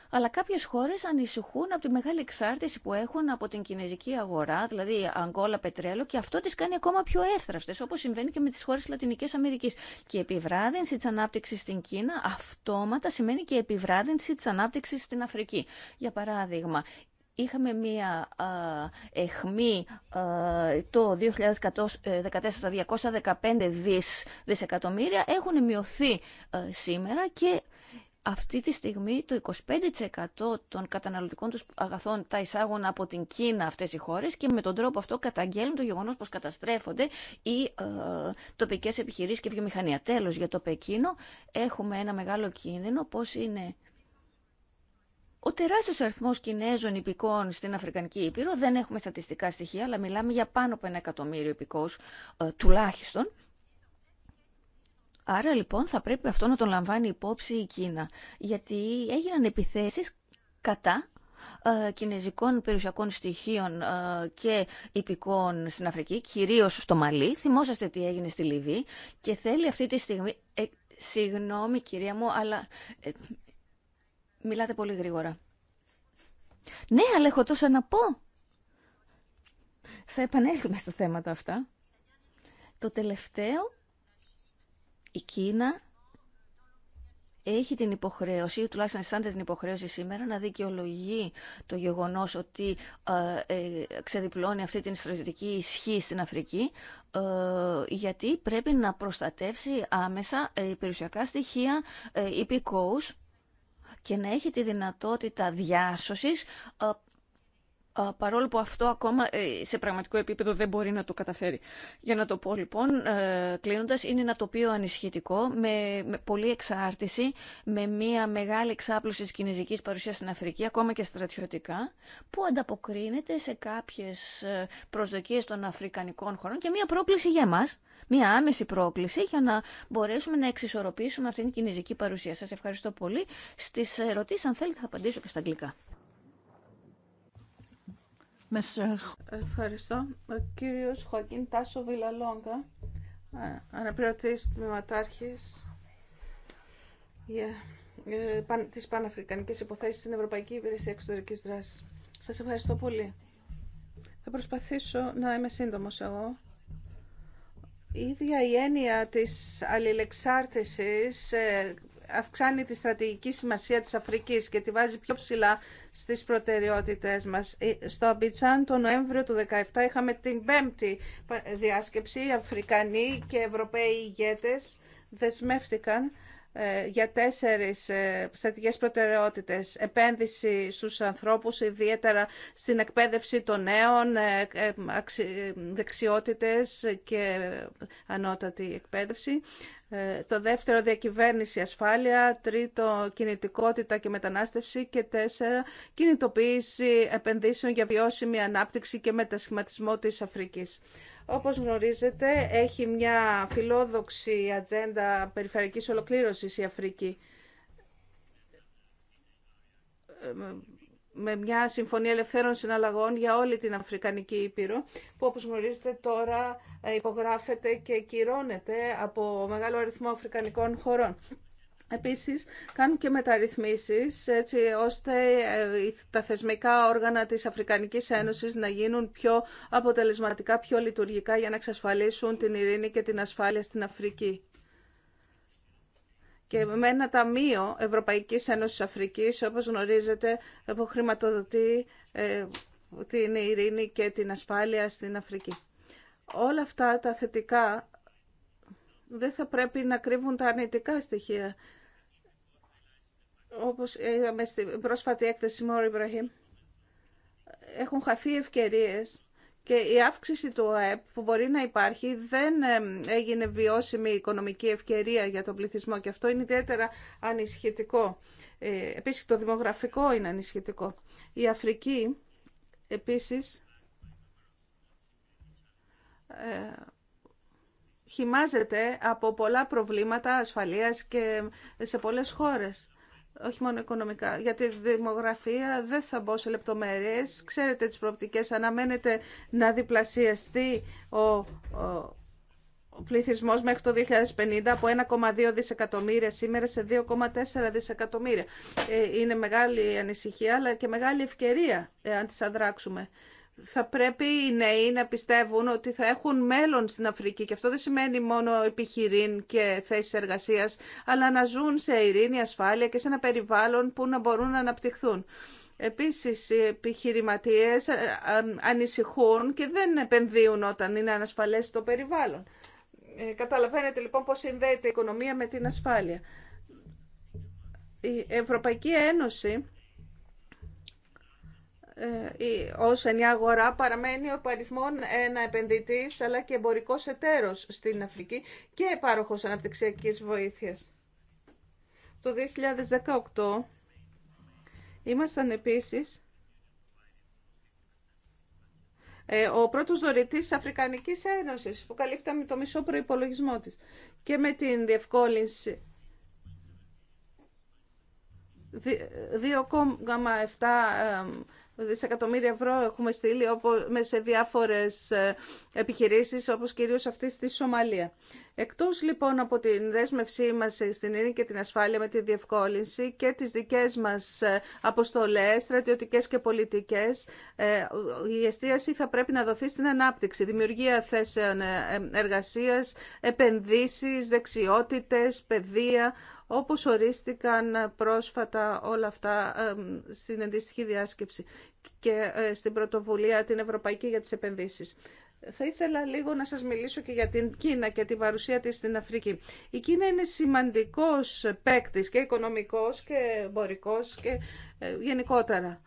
αλλά κάποιες χώρες ανησυχούν από τη μεγάλη εξάρτηση που έχουν από την κινέζικη αγορά, δηλαδή αγκόλα, πετρέλαιο και αυτό τις κάνει ακόμα πιο εύθραυστες, όπως συμβαίνει και με τις χώρες της Λατινικής Αμερικής. Και η επιβράδυνση της ανάπτυξης στην Κίνα αυτόματα σημαίνει και επιβράδυνση της ανάπτυξης στην Αφρική. Για παράδειγμα, Είχαμε μία εχμή το 2014 215 ε, δις δισεκατομμύρια. Έχουν μειωθεί ε, σήμερα και αυτή τη στιγμή το 25% των καταναλωτικών τους αγαθών τα εισάγουν από την Κίνα αυτές οι χώρες και με τον τρόπο αυτό καταγγέλνουν το γεγονός πως καταστρέφονται οι ε, τοπικές επιχειρήσεις και βιομηχανία. Τέλος, για το Πεκίνο έχουμε ένα μεγάλο κίνδυνο πως είναι ο τεράστιο αριθμό Κινέζων υπηκών στην Αφρικανική Ήπειρο, δεν έχουμε στατιστικά στοιχεία, αλλά μιλάμε για πάνω από ένα εκατομμύριο υπηκό ε, τουλάχιστον. Άρα λοιπόν θα πρέπει αυτό να τον λαμβάνει υπόψη η Κίνα, γιατί έγιναν επιθέσεις κατά ε, κινέζικων περιουσιακών στοιχείων ε, και υπηκών στην Αφρική, κυρίως στο Μαλί. Θυμόσαστε τι έγινε στη Λιβύη και θέλει αυτή τη στιγμή... συγγνώμη κυρία μου, αλλά Μιλάτε πολύ γρήγορα. Ναι, αλλά έχω τόσα να πω. Θα επανέλθουμε στα θέματα αυτά. Το τελευταίο, η Κίνα έχει την υποχρέωση, ή τουλάχιστον αισθάνεται την υποχρέωση σήμερα, να δικαιολογεί το γεγονός ότι ε, ε ξεδιπλώνει αυτή την στρατιωτική ισχύ στην Αφρική, ε, γιατί πρέπει να προστατεύσει άμεσα ε, περιουσιακά στοιχεία υπηκόους και να έχει τη δυνατότητα διάσωσης ε, παρόλο που αυτό ακόμα ε, σε πραγματικό επίπεδο δεν μπορεί να το καταφέρει. Για να το πω λοιπόν, ε, κλείνοντα, είναι ένα τοπίο ανισχυτικό, με, με πολλή εξάρτηση, με μια μεγάλη εξάπλωση τη κινέζικη παρουσία στην Αφρική, ακόμα και στρατιωτικά, που ανταποκρίνεται σε κάποιε προσδοκίε των αφρικανικών χωρών και μια πρόκληση για εμά. Μια άμεση πρόκληση για να μπορέσουμε να εξισορροπήσουμε αυτήν την κινέζικη παρουσία. Σα ευχαριστώ πολύ. Στι ερωτήσει, αν θέλετε, θα απαντήσω και στα αγγλικά. Ευχαριστώ. Ο κύριος Χωακίν Τάσο Βιλαλόγκα, ε, αναπληρωτής τμήματάρχης τη ε, Παναφρικανική Παναφρικανικής στην Ευρωπαϊκή Υπηρεσία Εξωτερικής Δράσης. Σας ευχαριστώ πολύ. Θα προσπαθήσω να είμαι σύντομος εγώ. Η ίδια η έννοια της αλληλεξάρτησης ε, αυξάνει τη στρατηγική σημασία της Αφρικής και τη βάζει πιο ψηλά στις προτεραιότητες μας. Ε, στο Αμπιτσάν το Νοέμβριο του 2017 είχαμε την πέμπτη διάσκεψη. Οι Αφρικανοί και Ευρωπαίοι ηγέτες δεσμεύτηκαν ε, για τέσσερις ε, στατικές προτεραιότητες. Επένδυση στους ανθρώπους, ιδιαίτερα στην εκπαίδευση των νέων, ε, δεξιότητες και ανώτατη εκπαίδευση. Το δεύτερο, διακυβέρνηση ασφάλεια. Τρίτο, κινητικότητα και μετανάστευση. Και τέσσερα, κινητοποίηση επενδύσεων για βιώσιμη ανάπτυξη και μετασχηματισμό της Αφρικής. Όπως γνωρίζετε, έχει μια φιλόδοξη ατζέντα περιφερειακής ολοκλήρωσης η Αφρική. Με μια συμφωνία ελευθέρων συναλλαγών για όλη την Αφρικανική Ήπειρο, που όπως γνωρίζετε τώρα υπογράφεται και κυρώνεται από μεγάλο αριθμό αφρικανικών χωρών. Επίσης, κάνουν και μεταρρυθμίσεις έτσι ώστε ε, τα θεσμικά όργανα της Αφρικανικής Ένωσης να γίνουν πιο αποτελεσματικά, πιο λειτουργικά για να εξασφαλίσουν την ειρήνη και την ασφάλεια στην Αφρική. Και με ένα ταμείο Ευρωπαϊκής Ένωσης Αφρικής, όπως γνωρίζετε, που χρηματοδοτεί ε, την ειρήνη και την ασφάλεια στην Αφρική. Όλα αυτά τα θετικά δεν θα πρέπει να κρύβουν τα αρνητικά στοιχεία όπως είδαμε στην πρόσφατη έκθεση Μόρ Ιμπραχήμ, έχουν χαθεί ευκαιρίες και η αύξηση του ΑΕΠ που μπορεί να υπάρχει δεν έγινε βιώσιμη οικονομική ευκαιρία για τον πληθυσμό και αυτό είναι ιδιαίτερα ανησυχητικό. Ε, επίσης το δημογραφικό είναι ανησυχητικό. Η Αφρική επίσης ε, χυμάζεται από πολλά προβλήματα ασφαλείας και σε πολλές χώρες όχι μόνο οικονομικά. Για τη δημογραφία δεν θα μπω σε λεπτομέρειες. Ξέρετε τις προοπτικές. Αναμένεται να διπλασιαστεί ο, ο, πληθυσμός μέχρι το 2050 από 1,2 δισεκατομμύρια σήμερα σε 2,4 δισεκατομμύρια. Ε, είναι μεγάλη ανησυχία αλλά και μεγάλη ευκαιρία αν τις αδράξουμε θα πρέπει οι νέοι να πιστεύουν ότι θα έχουν μέλλον στην Αφρική και αυτό δεν σημαίνει μόνο επιχειρήν και θέσεις εργασίας, αλλά να ζουν σε ειρήνη, ασφάλεια και σε ένα περιβάλλον που να μπορούν να αναπτυχθούν. Επίσης, οι επιχειρηματίες ε, ανησυχούν και δεν επενδύουν όταν είναι ανασφαλές το περιβάλλον. Ε, καταλαβαίνετε λοιπόν πώς συνδέεται η οικονομία με την ασφάλεια. Η Ευρωπαϊκή Ένωση ε, ως ενιαία αγορά παραμένει ο παριθμόν ένα επενδυτής αλλά και εμπορικός εταίρος στην Αφρική και πάροχος αναπτυξιακής βοήθειας. Το 2018 ήμασταν επίσης ε, ο πρώτος δωρητής της Αφρικανικής Ένωσης που καλύπταμε το μισό προϋπολογισμό της και με την διευκόλυνση 2,7 δισεκατομμύρια ευρώ έχουμε στείλει σε διάφορες ε, επιχειρήσεις όπως κυρίως αυτή στη Σομαλία. Εκτός λοιπόν από την δέσμευσή μας στην ειρήνη και την ασφάλεια με τη διευκόλυνση και τις δικές μας ε, αποστολές, στρατιωτικές και πολιτικές, ε, η εστίαση θα πρέπει να δοθεί στην ανάπτυξη, δημιουργία θέσεων εργασίας, επενδύσεις, δεξιότητες, παιδεία, όπως ορίστηκαν πρόσφατα όλα αυτά στην αντίστοιχη διάσκεψη και ε, στην πρωτοβουλία την Ευρωπαϊκή για τις επενδύσεις. Θα ήθελα λίγο να σας μιλήσω και για την Κίνα και την παρουσία της στην Αφρική. Η Κίνα είναι σημαντικός παίκτη και οικονομικός και εμπορικός και ε, γενικότερα.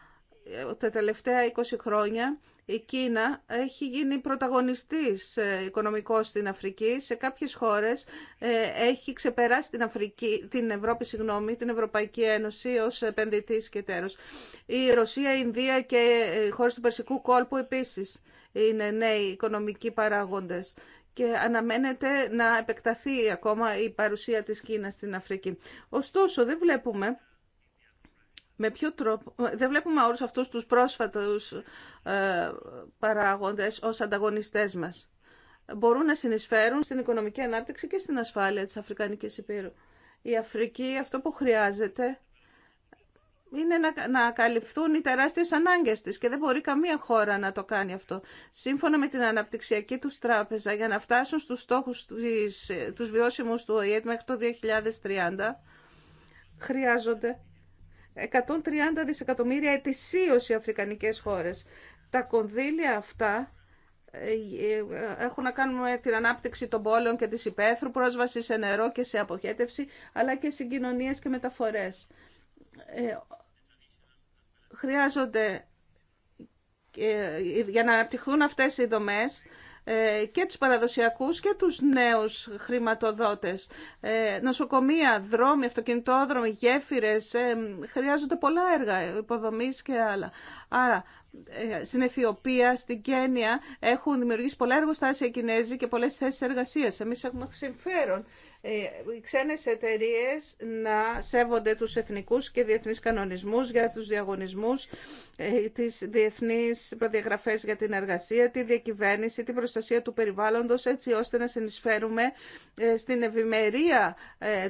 Ε, τα τελευταία 20 χρόνια η Κίνα έχει γίνει πρωταγωνιστής ε, οικονομικός στην Αφρική. Σε κάποιες χώρες ε, έχει ξεπεράσει την, Αφρική, την Ευρώπη, συγγνώμη, την Ευρωπαϊκή Ένωση ως επενδυτής και τέρος. Η Ρωσία, η Ινδία και ε, οι χώρες του Περσικού κόλπου επίσης είναι νέοι οικονομικοί παράγοντες και αναμένεται να επεκταθεί ακόμα η παρουσία της Κίνας στην Αφρική. Ωστόσο, δεν βλέπουμε με ποιο τρόπο, δεν βλέπουμε όλους αυτούς τους πρόσφατους ε, παράγοντες ως ανταγωνιστές μας. Μπορούν να συνεισφέρουν στην οικονομική ανάπτυξη και στην ασφάλεια της Αφρικανικής Υπήρου. Η Αφρική αυτό που χρειάζεται είναι να, καλυφθούν οι τεράστιες ανάγκες της και δεν μπορεί καμία χώρα να το κάνει αυτό. Σύμφωνα με την αναπτυξιακή τους τράπεζα, για να φτάσουν στους στόχους της, τους βιώσιμους του ΟΗΕΤ μέχρι το 2030, χρειάζονται 130 δισεκατομμύρια ετησίως οι αφρικανικές χώρες. Τα κονδύλια αυτά ε, ε, έχουν να κάνουν με την ανάπτυξη των πόλεων και της υπαίθρου, πρόσβαση σε νερό και σε αποχέτευση, αλλά και συγκοινωνίες και μεταφορές. Ε, χρειάζονται για να αναπτυχθούν αυτές οι δομές ε, και τους παραδοσιακούς και τους νέους χρηματοδότες. Ε, νοσοκομεία, δρόμοι, αυτοκινητόδρομοι, γέφυρες, ε, χρειάζονται πολλά έργα υποδομής και άλλα. Άρα, στην Αιθιοπία, στην Κένια έχουν δημιουργήσει πολλά εργοστάσια οι Κινέζοι και πολλές θέσεις εργασίας. Εμείς έχουμε συμφέρον ε, οι ξένες εταιρείες να σέβονται τους εθνικούς και διεθνείς κανονισμούς για τους διαγωνισμούς, ε, τις διεθνείς προδιαγραφές για την εργασία, τη διακυβέρνηση, την προστασία του περιβάλλοντος, έτσι ώστε να συνεισφέρουμε ε, στην ευημερία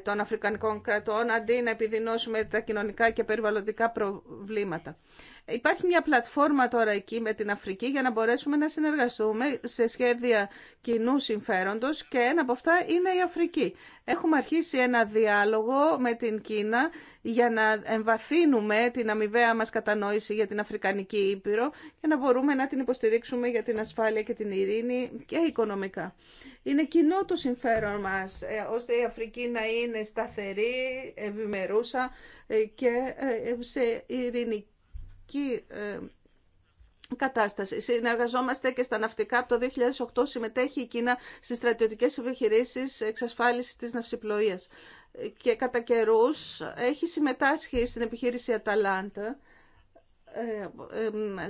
των αφρικανικών κρατών, αντί να επιδεινώσουμε τα κοινωνικά και περιβαλλοντικά προβλήματα. Υπάρχει μια πλατφόρμα τώρα εκεί με την Αφρική για να μπορέσουμε να συνεργαστούμε σε σχέδια κοινού συμφέροντος και ένα από αυτά είναι η Αφρική. Έχουμε αρχίσει ένα διάλογο με την Κίνα για να εμβαθύνουμε την αμοιβαία μας κατανόηση για την Αφρικανική Ήπειρο και να μπορούμε να την υποστηρίξουμε για την ασφάλεια και την ειρήνη και οικονομικά. Είναι κοινό το συμφέρον μας, ε, ώστε η Αφρική να είναι σταθερή, ευημερούσα ε, και ε, σε ειρηνική κατάσταση. Συνεργαζόμαστε και στα ναυτικά. Από το 2008 συμμετέχει η Κίνα στις στρατιωτικές επιχειρήσεις εξασφάλισης της ναυσιπλοείας. Και κατά καιρού έχει συμμετάσχει στην επιχείρηση Αταλάντα, ε,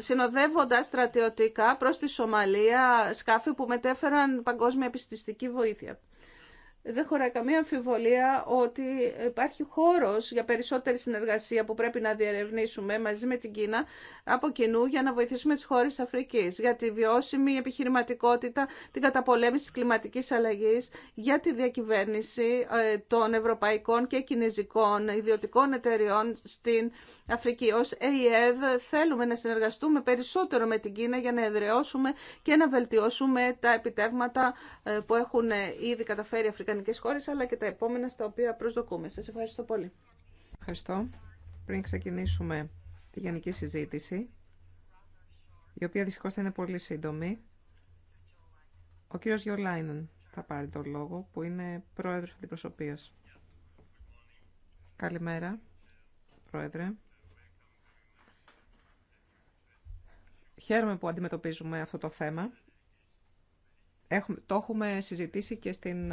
συνοδεύοντας στρατιωτικά προς τη Σομαλία σκάφη που μετέφεραν παγκόσμια επιστηστική βοήθεια δεν χωράει καμία αμφιβολία ότι υπάρχει χώρος για περισσότερη συνεργασία που πρέπει να διερευνήσουμε μαζί με την Κίνα από κοινού για να βοηθήσουμε τις χώρες της Αφρικής για τη βιώσιμη επιχειρηματικότητα, την καταπολέμηση της κλιματικής αλλαγής, για τη διακυβέρνηση ε, των ευρωπαϊκών και κινέζικων ιδιωτικών εταιριών στην Αφρική. Ως ΕΙΕΔ θέλουμε να συνεργαστούμε περισσότερο με την Κίνα για να εδραιώσουμε και να βελτιώσουμε τα επιτεύγματα ε, που έχουν ε, ήδη καταφέρει αλλά και τα επόμενα στα οποία προσδοκούμε. Σας ευχαριστώ πολύ. Ευχαριστώ. Πριν ξεκινήσουμε τη γενική συζήτηση, η οποία δυστυχώς θα είναι πολύ σύντομη, ο κύριος Γιολάινεν θα πάρει τον λόγο, που είναι πρόεδρος αντιπροσωπείας. Καλημέρα, πρόεδρε. Χαίρομαι που αντιμετωπίζουμε αυτό το θέμα Έχουμε, το έχουμε συζητήσει και στην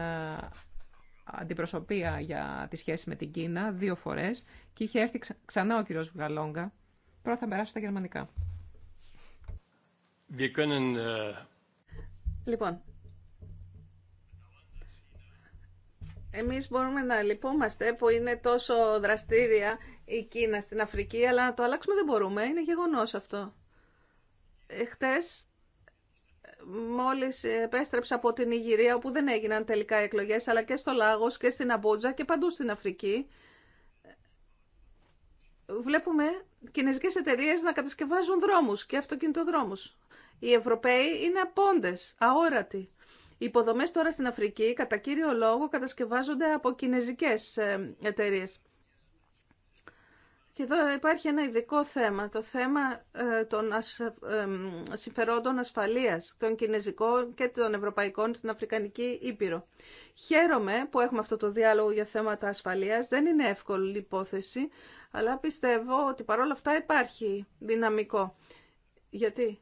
αντιπροσωπεία για τη σχέση με την Κίνα δύο φορές και είχε έρθει ξανά ο κύριος Βγαλόγκα. πρώτα θα περάσω στα γερμανικά. Ε, λοιπόν, εμείς μπορούμε να λυπόμαστε που είναι τόσο δραστήρια η Κίνα στην Αφρική, αλλά να το αλλάξουμε δεν μπορούμε. Είναι γεγονός αυτό. Ε, χτες μόλις επέστρεψα από την Ιγυρία όπου δεν έγιναν τελικά εκλογές αλλά και στο Λάγος και στην Αμπότζα και παντού στην Αφρική βλέπουμε κινέζικες εταιρείε να κατασκευάζουν δρόμους και αυτοκινητοδρόμους. Οι Ευρωπαίοι είναι πόντες, αόρατοι. Οι υποδομές τώρα στην Αφρική κατά κύριο λόγο κατασκευάζονται από κινέζικες ε, εταιρείε. Και εδώ υπάρχει ένα ειδικό θέμα, το θέμα ε, των ε, συμφερόντων ασφαλείας των κινέζικων και των ευρωπαϊκών στην Αφρικανική Ήπειρο. Χαίρομαι που έχουμε αυτό το διάλογο για θέματα ασφαλείας. Δεν είναι εύκολη υπόθεση, αλλά πιστεύω ότι παρόλα αυτά υπάρχει δυναμικό. Γιατί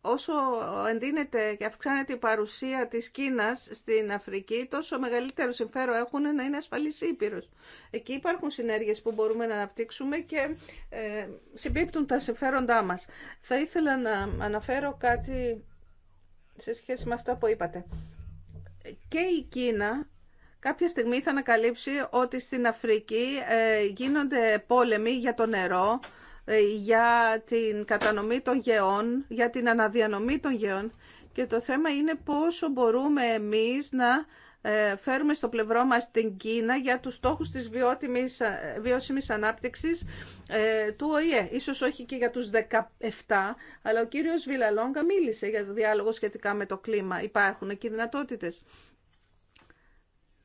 όσο εντείνεται και αυξάνεται η παρουσία της Κίνας στην Αφρική, τόσο μεγαλύτερο συμφέρον έχουν να είναι ασφαλής ήπειρος. Εκεί υπάρχουν συνέργειες που μπορούμε να αναπτύξουμε και ε, συμπίπτουν τα συμφέροντά μας. Θα ήθελα να αναφέρω κάτι σε σχέση με αυτά που είπατε. Και η Κίνα κάποια στιγμή θα ανακαλύψει ότι στην Αφρική ε, γίνονται πόλεμοι για το νερό, ε, για την κατανομή των γεών, για την αναδιανομή των γεών και το θέμα είναι πόσο μπορούμε εμείς να ε, φέρουμε στο πλευρό μας την Κίνα για τους στόχους της βιώσιμης, ε, βιώσιμης ανάπτυξης του ΟΗΕ. Ίσως όχι και για τους 17, αλλά ο κύριος Βιλαλόγκα μίλησε για το διάλογο σχετικά με το κλίμα. Υπάρχουν εκεί δυνατότητες.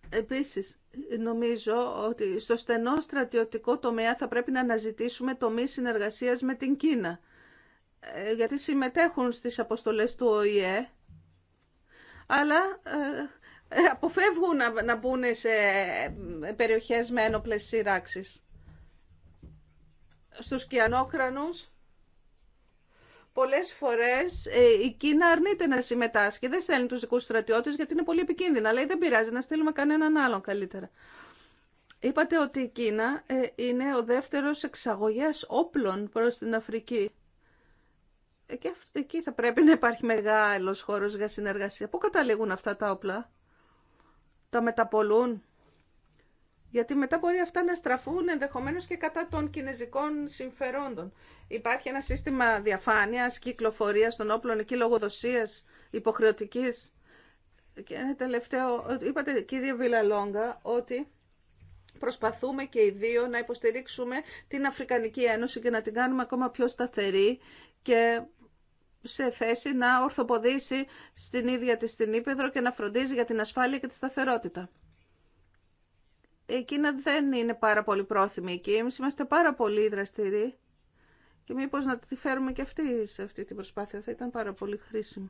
Επίσης, νομίζω ότι στο στενό στρατιωτικό τομέα θα πρέπει να αναζητήσουμε τομεί συνεργασίας με την Κίνα. Ε, γιατί συμμετέχουν στις αποστολές του ΟΗΕ, αλλά ε, ε, αποφεύγουν να μπουν σε περιοχές με ένοπλες σειράξεις. Στους κιανόκρανους πολλές φορές ε, η Κίνα αρνείται να συμμετάσχει. Δεν στέλνει τους δικούς στρατιώτες γιατί είναι πολύ επικίνδυνα. Λέει δεν πειράζει να στείλουμε κανέναν άλλον καλύτερα. Είπατε ότι η Κίνα ε, είναι ο δεύτερος εξαγωγές όπλων προς την Αφρική. Ε, και εκεί θα πρέπει να υπάρχει μεγάλος χώρος για συνεργασία. Πού καταλήγουν αυτά τα όπλα. Τα μεταπολούν γιατί μετά μπορεί αυτά να στραφούν ενδεχομένω και κατά των κινέζικων συμφερόντων. Υπάρχει ένα σύστημα διαφάνειας, κυκλοφορία των όπλων εκεί λογοδοσία υποχρεωτική. Και ένα τελευταίο, είπατε κύριε Βιλαλόγκα ότι προσπαθούμε και οι δύο να υποστηρίξουμε την Αφρικανική Ένωση και να την κάνουμε ακόμα πιο σταθερή και σε θέση να ορθοποδήσει στην ίδια της την Ήπεδρο και να φροντίζει για την ασφάλεια και τη σταθερότητα. Εκείνα δεν είναι πάρα πολύ πρόθυμη εκεί. Εμεί είμαστε πάρα πολύ δραστηροί και μήπως να τη φέρουμε και αυτή σε αυτή την προσπάθεια θα ήταν πάρα πολύ χρήσιμο.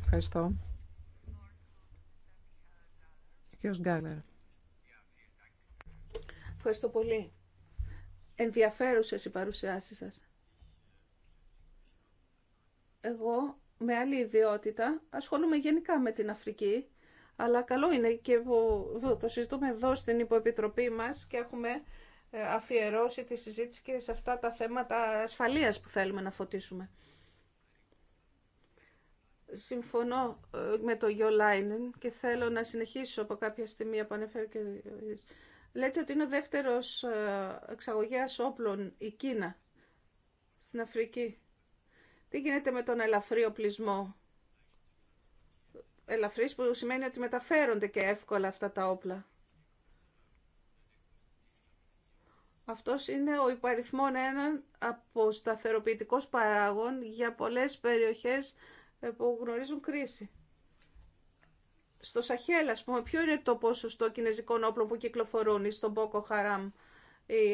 Ευχαριστώ. Γκάλερ. Ευχαριστώ πολύ. Ενδιαφέρουσες οι παρουσιάσεις σας. Εγώ με άλλη ιδιότητα ασχολούμαι γενικά με την Αφρική αλλά καλό είναι και το συζητούμε εδώ στην υποεπιτροπή μας και έχουμε ε, αφιερώσει τη συζήτηση και σε αυτά τα θέματα ασφαλείας που θέλουμε να φωτίσουμε. Συμφωνώ ε, με το γιο Λάινεν και θέλω να συνεχίσω από κάποια στιγμή που ανέφερε Λέτε ότι είναι ο δεύτερος ε, εξαγωγέας όπλων η Κίνα στην Αφρική. Τι γίνεται με τον ελαφρύ οπλισμό ελαφρύς που σημαίνει ότι μεταφέρονται και εύκολα αυτά τα όπλα. Αυτός είναι ο υπαριθμόν έναν αποσταθεροποιητικός παράγων για πολλές περιοχές ε, που γνωρίζουν κρίση. Στο Σαχέλ, ας πούμε, ποιο είναι το ποσοστό κινέζικων όπλων που κυκλοφορούν ή στον Μπόκο Χαράμ ή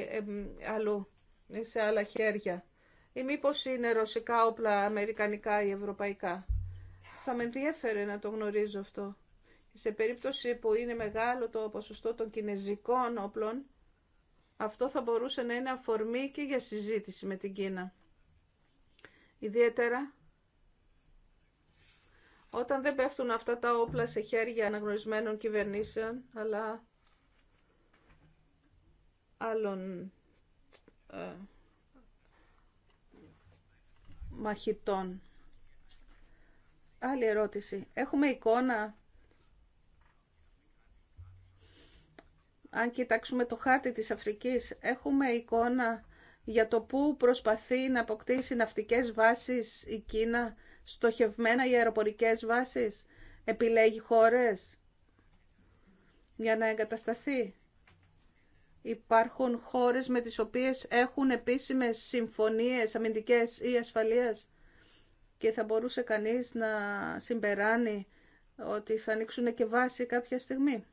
ή σε άλλα χέρια. Ή μήπως είναι ρωσικά όπλα, αμερικανικά ή ευρωπαϊκά. Θα με ενδιέφερε να το γνωρίζω αυτό. Σε περίπτωση που είναι μεγάλο το ποσοστό των κινέζικων όπλων, αυτό θα μπορούσε να είναι αφορμή και για συζήτηση με την Κίνα. Ιδιαίτερα όταν δεν πέφτουν αυτά τα όπλα σε χέρια αναγνωρισμένων κυβερνήσεων, αλλά άλλων ε, μαχητών. Άλλη ερώτηση. Έχουμε εικόνα, αν κοιτάξουμε το χάρτη της Αφρικής, έχουμε εικόνα για το που προσπαθεί να αποκτήσει ναυτικές βάσεις η Κίνα, στοχευμένα οι αεροπορικές βάσεις, επιλέγει χώρες για να εγκατασταθεί. Υπάρχουν χώρες με τις οποίες έχουν επίσημες συμφωνίες αμυντικές ή ασφαλείας και θα μπορούσε κανείς να συμπεράνει ότι θα ανοίξουν και βάση κάποια στιγμή.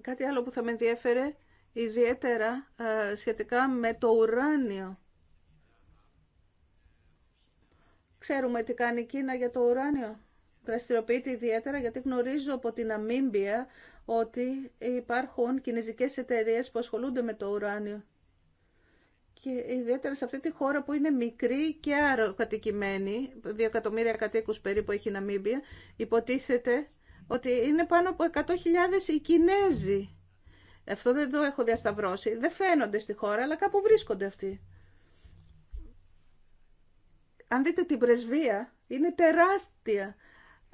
Κάτι άλλο που θα με ενδιέφερε ιδιαίτερα ε, σχετικά με το ουράνιο. Ξέρουμε τι κάνει η Κίνα για το ουράνιο. Δραστηριοποιείται ιδιαίτερα γιατί γνωρίζω από την Αμίμπια ότι υπάρχουν κινέζικες εταιρείες που ασχολούνται με το ουράνιο και ιδιαίτερα σε αυτή τη χώρα που είναι μικρή και αεροκατοικημένη, δύο εκατομμύρια κατοίκους περίπου έχει η Ναμίμπια, υποτίθεται ότι είναι πάνω από 100.000 οι Κινέζοι. Αυτό δεν το έχω διασταυρώσει. Δεν φαίνονται στη χώρα, αλλά κάπου βρίσκονται αυτοί. Αν δείτε την πρεσβεία, είναι τεράστια.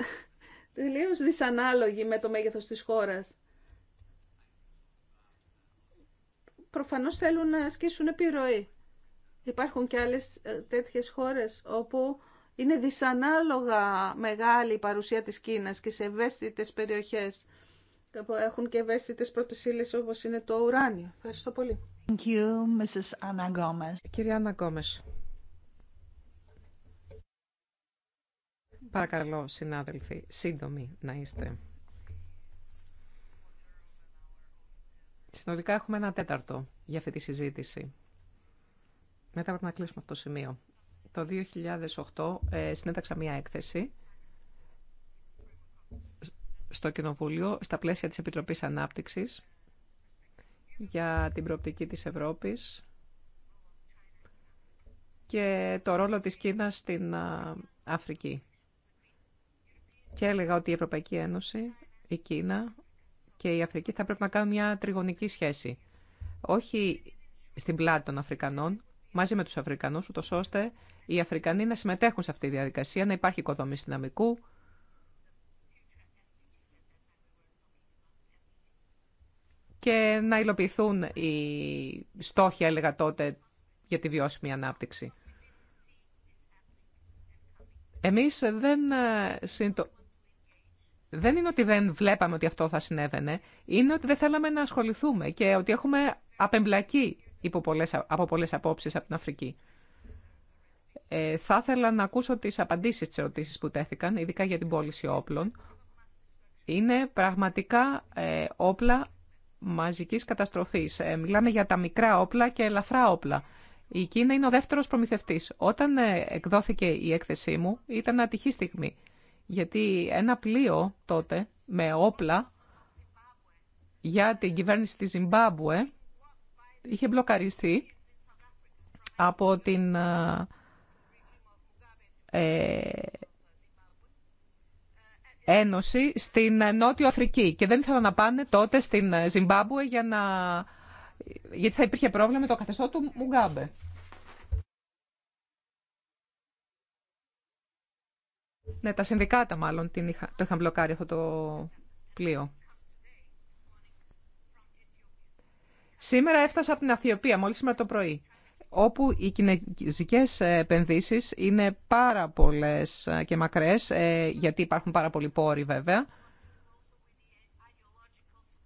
Τελείως δυσανάλογη με το μέγεθος της χώρας. προφανώς θέλουν να ασκήσουν επιρροή. Υπάρχουν και άλλες ε, τέτοιες χώρες όπου είναι δυσανάλογα μεγάλη η παρουσία της Κίνας και σε ευαίσθητες περιοχές που έχουν και ευαίσθητες πρωτοσύλλες όπως είναι το ουράνιο. Ευχαριστώ πολύ. Κυρία Άννα Γκόμες. Παρακαλώ, συνάδελφοι, σύντομοι να είστε. Συνολικά έχουμε ένα τέταρτο για αυτή τη συζήτηση. Μετά πρέπει να κλείσουμε αυτό το σημείο. Το 2008 ε, συνέταξα μία έκθεση στο Κοινοβούλιο, στα πλαίσια της Επιτροπής Ανάπτυξης, για την προοπτική της Ευρώπης και το ρόλο της Κίνας στην Αφρική. Και έλεγα ότι η Ευρωπαϊκή Ένωση, η Κίνα, και η Αφρική θα πρέπει να κάνουν μια τριγωνική σχέση. Όχι στην πλάτη των Αφρικανών, μαζί με τους Αφρικανούς, ούτως ώστε οι Αφρικανοί να συμμετέχουν σε αυτή τη διαδικασία, να υπάρχει οικοδομή δυναμικού, και να υλοποιηθούν οι στόχοι, έλεγα τότε, για τη βιώσιμη ανάπτυξη. Εμείς δεν ε, δεν είναι ότι δεν βλέπαμε ότι αυτό θα συνέβαινε, είναι ότι δεν θέλαμε να ασχοληθούμε και ότι έχουμε απεμπλακεί υπό από πολλές απόψεις από την Αφρική. Ε, θα ήθελα να ακούσω τις απαντήσεις της ερωτήσεις που τέθηκαν, ειδικά για την πώληση όπλων. Είναι πραγματικά ε, όπλα μαζικής καταστροφής. Ε, μιλάμε για τα μικρά όπλα και ελαφρά όπλα. Η Κίνα είναι ο δεύτερος προμηθευτής. Όταν ε, εκδόθηκε η έκθεσή μου, ήταν ατυχή στιγμή γιατί ένα πλοίο τότε με όπλα για την κυβέρνηση της Ζιμπάμπουε είχε μπλοκαριστεί από την ε, ε, Ένωση στην Νότιο Αφρική και δεν ήθελαν να πάνε τότε στην Ζιμπάμπουε για να... γιατί θα υπήρχε πρόβλημα με το καθεστώ του Μουγκάμπε. Ναι, τα συνδικάτα μάλλον την το είχαν μπλοκάρει αυτό το πλοίο. Σήμερα έφτασα από την Αθιοπία, μόλις σήμερα το πρωί, όπου οι κινέζικες επενδύσεις είναι πάρα πολλές ε, και μακρές, ε, γιατί υπάρχουν πάρα πολλοί πόροι βέβαια.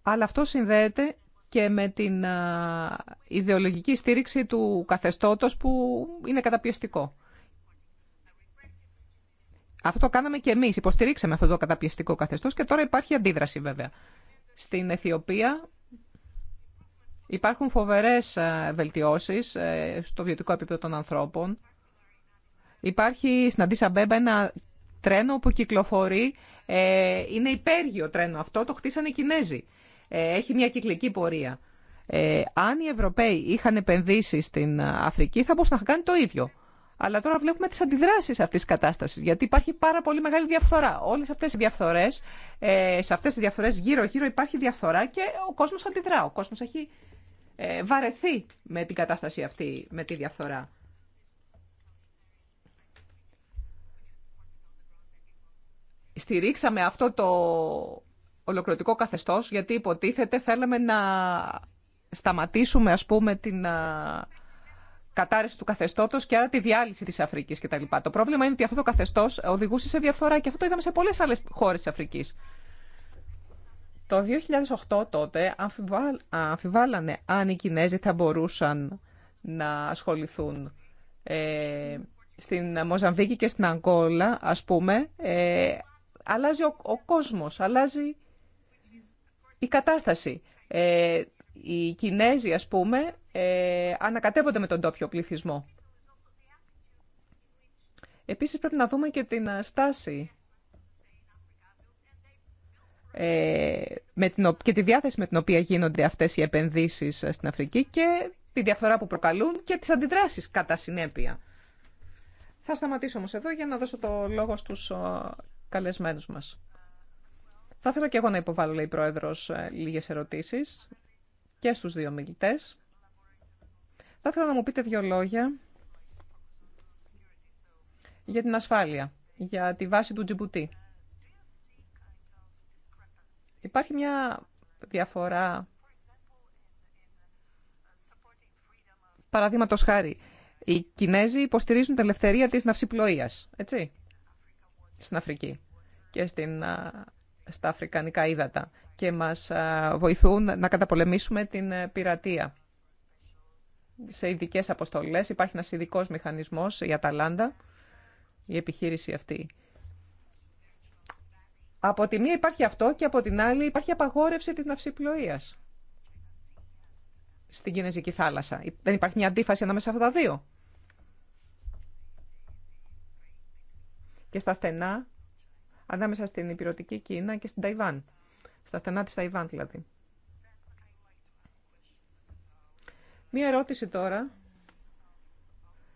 Αλλά αυτό συνδέεται και με την ε, ιδεολογική στήριξη του καθεστώτος που είναι καταπιεστικό. Αυτό το κάναμε και εμείς, υποστηρίξαμε αυτό το καταπιεστικό καθεστώς και τώρα υπάρχει αντίδραση βέβαια. Στην Αιθιοπία υπάρχουν φοβερές ε, βελτιώσεις ε, στο βιωτικό επίπεδο των ανθρώπων. Υπάρχει στην Αντίσα Μπέμπα ένα τρένο που κυκλοφορεί, ε, είναι υπέργειο τρένο αυτό, το χτίσανε οι Κινέζοι. Έχει μια κυκλική πορεία. αν οι Ευρωπαίοι είχαν επενδύσει στην Αφρική, θα μπορούσαν να κάνει το ίδιο. Αλλά τώρα βλέπουμε τις αντιδράσεις αυτής της κατάστασης, γιατί υπάρχει πάρα πολύ μεγάλη διαφθορά. Όλες αυτές οι διαφθορές, ε, σε αυτές τις διαφθορές γύρω-γύρω υπάρχει διαφθορά και ο κόσμος αντιδρά. Ο κόσμος έχει ε, βαρεθεί με την κατάσταση αυτή, με τη διαφθορά. Στηρίξαμε αυτό το ολοκληρωτικό καθεστώς, γιατί υποτίθεται θέλαμε να σταματήσουμε, ας πούμε, την κατάρρευση του καθεστώτο και άρα τη διάλυση τη Αφρική κτλ. Το πρόβλημα είναι ότι αυτό το καθεστώ οδηγούσε σε διαφθορά και αυτό το είδαμε σε πολλέ άλλε χώρε τη Αφρική. Το 2008 τότε αμφιβάλλανε αν οι Κινέζοι θα μπορούσαν να ασχοληθούν ε, στην Μοζαμβίκη και στην Αγκόλα, ας πούμε, ε, αλλάζει ο, ο κόσμος, αλλάζει η κατάσταση. Ε, οι Κινέζοι, ας πούμε, ε, ανακατεύονται με τον τόπιο πληθυσμό. Επίσης πρέπει να δούμε και την ε, στάση ε, με την, και τη διάθεση με την οποία γίνονται αυτές οι επενδύσεις ε, στην Αφρική και τη διαφθορά που προκαλούν και τις αντιδράσεις κατά συνέπεια. Θα σταματήσω όμως εδώ για να δώσω το λόγο στους ε, καλεσμένους μας. Θα ήθελα και εγώ να υποβάλω, λέει η Πρόεδρος, λίγες ερωτήσεις και στους δύο μιλητές. Θα ήθελα να μου πείτε δύο λόγια για την ασφάλεια, για τη βάση του Τζιμπουτή. Υπάρχει μια διαφορά, παραδείγματο χάρη, οι Κινέζοι υποστηρίζουν την ελευθερία της ναυσιπλοείας, έτσι, στην Αφρική και στην, στα αφρικανικά ύδατα και μας βοηθούν να καταπολεμήσουμε την ε, πειρατεία σε ειδικέ αποστολέ, Υπάρχει ένας ειδικό μηχανισμός, η Αταλάντα, η επιχείρηση αυτή. Από τη μία υπάρχει αυτό και από την άλλη υπάρχει απαγόρευση της ναυσιπλοείας στην Κινέζικη θάλασσα. Δεν υπάρχει μια αντίφαση ανάμεσα σε αυτά τα δύο. Και στα στενά, ανάμεσα στην υπηρετική Κίνα και στην Ταϊβάν. Στα στενά της Ταϊβάν δηλαδή. Μία ερώτηση τώρα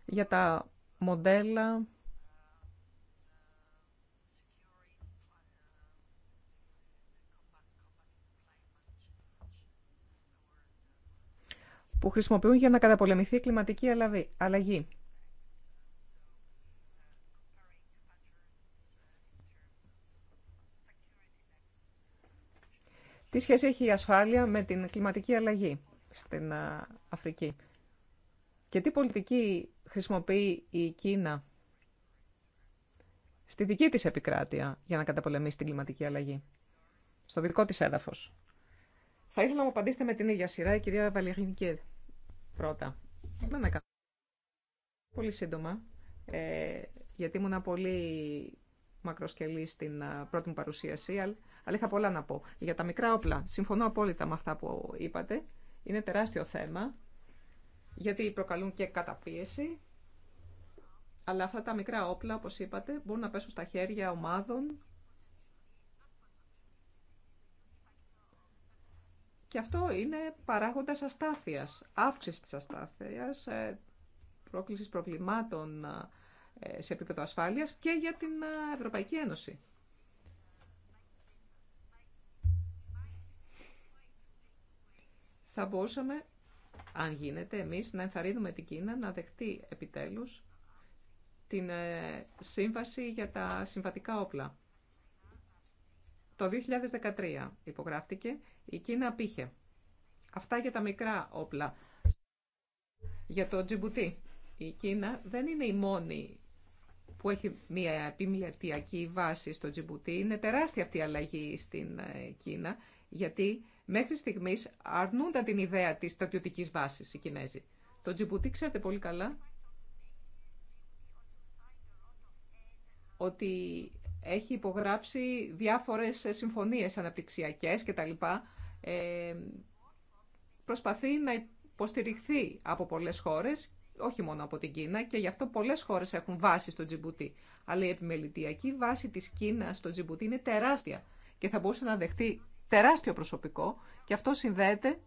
για τα μοντέλα που χρησιμοποιούν για να καταπολεμηθεί η κλιματική αλλαγή. Τι σχέση έχει η ασφάλεια με την κλιματική αλλαγή στην Αφρική. Και τι πολιτική χρησιμοποιεί η Κίνα στη δική της επικράτεια για να καταπολεμήσει την κλιματική αλλαγή, στο δικό της έδαφος. Θα ήθελα να μου απαντήσετε με την ίδια σειρά η κυρία Βαλιαγνική πρώτα. Δεν Πολύ σύντομα, ε, γιατί ήμουν πολύ μακροσκελή στην πρώτη μου παρουσίαση, αλλά είχα πολλά να πω. Για τα μικρά όπλα, συμφωνώ απόλυτα με αυτά που είπατε. Είναι τεράστιο θέμα, γιατί προκαλούν και καταπίεση, αλλά αυτά τα μικρά όπλα, όπως είπατε, μπορούν να πέσουν στα χέρια ομάδων και αυτό είναι παράγοντας αστάθειας, αύξηση της αστάθειας, ε, πρόκλησης προβλημάτων ε, σε επίπεδο ασφάλειας και για την ε, Ευρωπαϊκή Ένωση. θα μπορούσαμε, αν γίνεται, εμείς να ενθαρρύνουμε την Κίνα να δεχτεί επιτέλους την ε, σύμβαση για τα συμβατικά όπλα. Το 2013 υπογράφτηκε, η Κίνα πήχε. Αυτά για τα μικρά όπλα. Για το Τζιμπουτί, η Κίνα δεν είναι η μόνη που έχει μια επιμελητιακή βάση στο Τζιμπουτί. Είναι τεράστια αυτή η αλλαγή στην ε, Κίνα, γιατί Μέχρι στιγμής αρνούνταν την ιδέα της στρατιωτική βάσης οι Κινέζοι. Το Τζιμπουτί ξέρετε πολύ καλά ότι έχει υπογράψει διάφορες συμφωνίες αναπτυξιακές κτλ. Ε, προσπαθεί να υποστηριχθεί από πολλές χώρες, όχι μόνο από την Κίνα, και γι' αυτό πολλές χώρες έχουν βάση στο Τζιμπουτί. Αλλά η επιμελητιακή βάση της Κίνας στο Τζιμπουτί είναι τεράστια και θα μπορούσε να δεχτεί τεράστιο προσωπικό και αυτό συνδέεται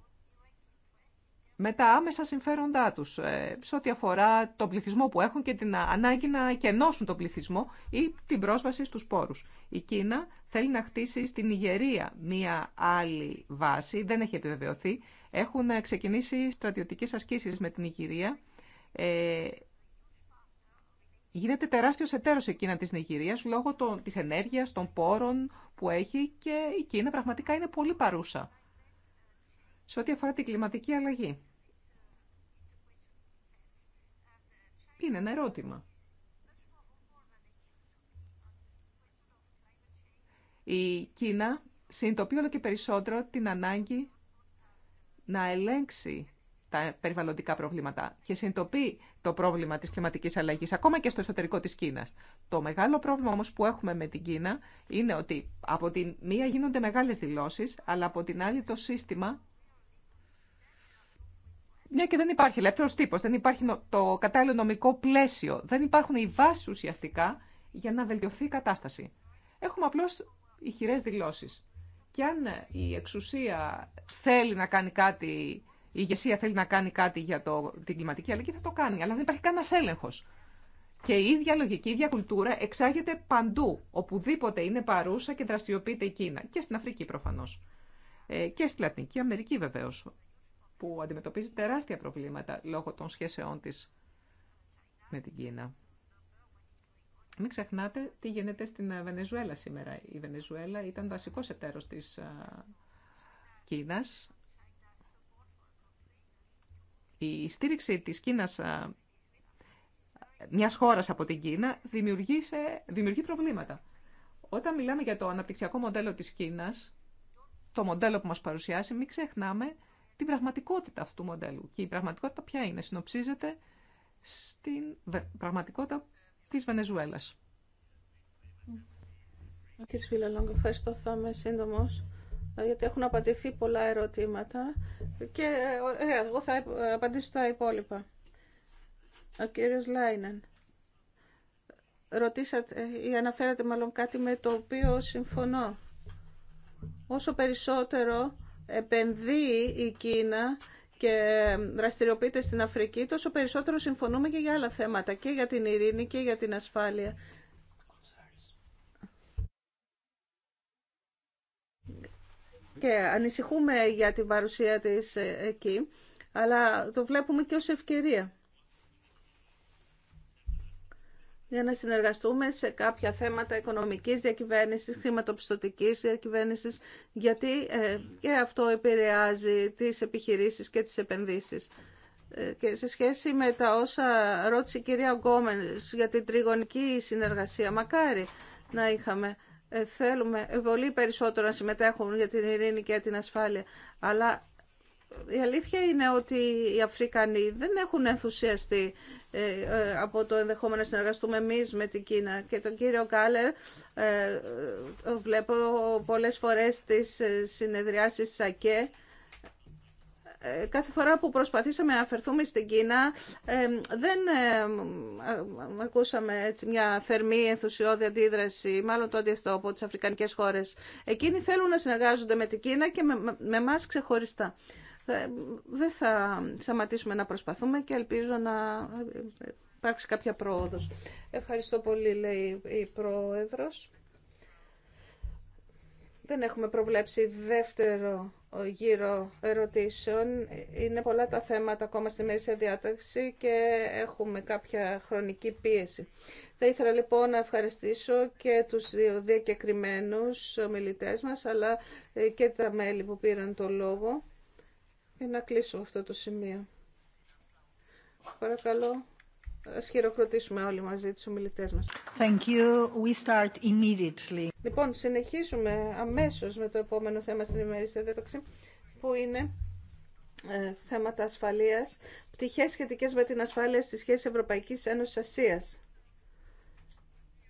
με τα άμεσα συμφέροντά τους ε, σε ό,τι αφορά τον πληθυσμό που έχουν και την ανάγκη να κενώσουν τον πληθυσμό ή την πρόσβαση στους πόρους. Η Κίνα θέλει να χτίσει στην Ιγερία μία άλλη βάση, δεν έχει επιβεβαιωθεί. Έχουν ξεκινήσει στρατιωτικές ασκήσεις με την Ιγυρία ε, γίνεται τεράστιος εταίρος η Κίνα της Νιγηρίας λόγω των, της ενέργειας, των πόρων που έχει και η Κίνα πραγματικά είναι πολύ παρούσα σε ό,τι αφορά την κλιματική αλλαγή. Είναι ένα ερώτημα. Η Κίνα συνειδητοποιεί όλο και περισσότερο την ανάγκη να ελέγξει περιβαλλοντικά προβλήματα και συνειδητοποιεί το πρόβλημα της κλιματικής αλλαγής, ακόμα και στο εσωτερικό της Κίνας. Το μεγάλο πρόβλημα όμως που έχουμε με την Κίνα είναι ότι από τη μία γίνονται μεγάλες δηλώσεις, αλλά από την άλλη το σύστημα μια και δεν υπάρχει ελεύθερος τύπος, δεν υπάρχει το κατάλληλο νομικό πλαίσιο, δεν υπάρχουν οι βάσεις ουσιαστικά για να βελτιωθεί η κατάσταση. Έχουμε απλώς ηχηρές δηλώσεις. Και αν η εξουσία θέλει να κάνει κάτι η ηγεσία θέλει να κάνει κάτι για το, την κλιματική αλλαγή, θα το κάνει. Αλλά δεν υπάρχει κανένα έλεγχο. Και η ίδια λογική, η ίδια κουλτούρα εξάγεται παντού, οπουδήποτε είναι παρούσα και δραστηριοποιείται η Κίνα. Και στην Αφρική προφανώ. Ε, και στη Λατινική Αμερική βεβαίω. Που αντιμετωπίζει τεράστια προβλήματα λόγω των σχέσεών τη με την Κίνα. Μην ξεχνάτε τι γίνεται στην Βενεζουέλα σήμερα. Η Βενεζουέλα ήταν βασικό εταίρο τη ε, Κίνας η στήριξη της Κίνας, μιας χώρας από την Κίνα, δημιουργεί, σε, προβλήματα. Όταν μιλάμε για το αναπτυξιακό μοντέλο της Κίνας, το μοντέλο που μας παρουσιάσει, μην ξεχνάμε την πραγματικότητα αυτού του μοντέλου. Και η πραγματικότητα ποια είναι, συνοψίζεται στην πραγματικότητα της Βενεζουέλας γιατί έχουν απαντηθεί πολλά ερωτήματα και εγώ θα απαντήσω τα υπόλοιπα. Ο κύριος Λάινεν. Ρωτήσατε ή αναφέρατε μάλλον κάτι με το οποίο συμφωνώ. Όσο περισσότερο επενδύει η Κίνα και δραστηριοποιείται στην Αφρική, τόσο περισσότερο συμφωνούμε και για άλλα θέματα, και για την ειρήνη και για την ασφάλεια και ανησυχούμε για την παρουσία της ε, εκεί, αλλά το βλέπουμε και ως ευκαιρία για να συνεργαστούμε σε κάποια θέματα οικονομικής διακυβέρνησης, χρηματοπιστωτικής διακυβέρνησης, γιατί ε, και αυτό επηρεάζει τις επιχειρήσεις και τις επενδύσεις. Ε, και σε σχέση με τα όσα ρώτησε η κυρία Γκόμενς για την τριγωνική συνεργασία, μακάρι να είχαμε ε, θέλουμε πολύ περισσότερο να συμμετέχουν για την ειρήνη και την ασφάλεια. Αλλά η αλήθεια είναι ότι οι Αφρικανοί δεν έχουν ενθουσιαστεί ε, ε, από το ενδεχόμενο να συνεργαστούμε εμείς με την Κίνα. Και τον κύριο Κάλερ βλέπω πολλές φορές στις συνεδριάσεις ΣΑΚΕ ε, κάθε φορά που προσπαθήσαμε να αφαιρθούμε στην Κίνα ε, δεν ε, ακούσαμε μια θερμή ενθουσιώδη αντίδραση, μάλλον το αντίθετο από τις αφρικανικές χώρες. Εκείνοι θέλουν να συνεργάζονται με την Κίνα και με εμά ξεχωριστά. Δεν θα σταματήσουμε να προσπαθούμε και ελπίζω να υπάρξει κάποια πρόοδος. Ευχαριστώ πολύ, λέει η Πρόεδρος. Δεν έχουμε προβλέψει δεύτερο γύρο ερωτήσεων. Είναι πολλά τα θέματα ακόμα στη μέση διάταξη και έχουμε κάποια χρονική πίεση. Θα ήθελα λοιπόν να ευχαριστήσω και τους δύο διακεκριμένους ομιλητές μας, αλλά ε, και τα μέλη που πήραν το λόγο. για να κλείσω αυτό το σημείο. Παρακαλώ. Ας χειροκροτήσουμε όλοι μαζί τους ομιλητές μας. Thank you. We start immediately. Λοιπόν, συνεχίζουμε αμέσως με το επόμενο θέμα στην ημερήσια διάταξη, που είναι ε, θέματα ασφαλείας, πτυχές σχετικές με την ασφάλεια στις σχέσεις Ευρωπαϊκής Ένωσης Ασίας.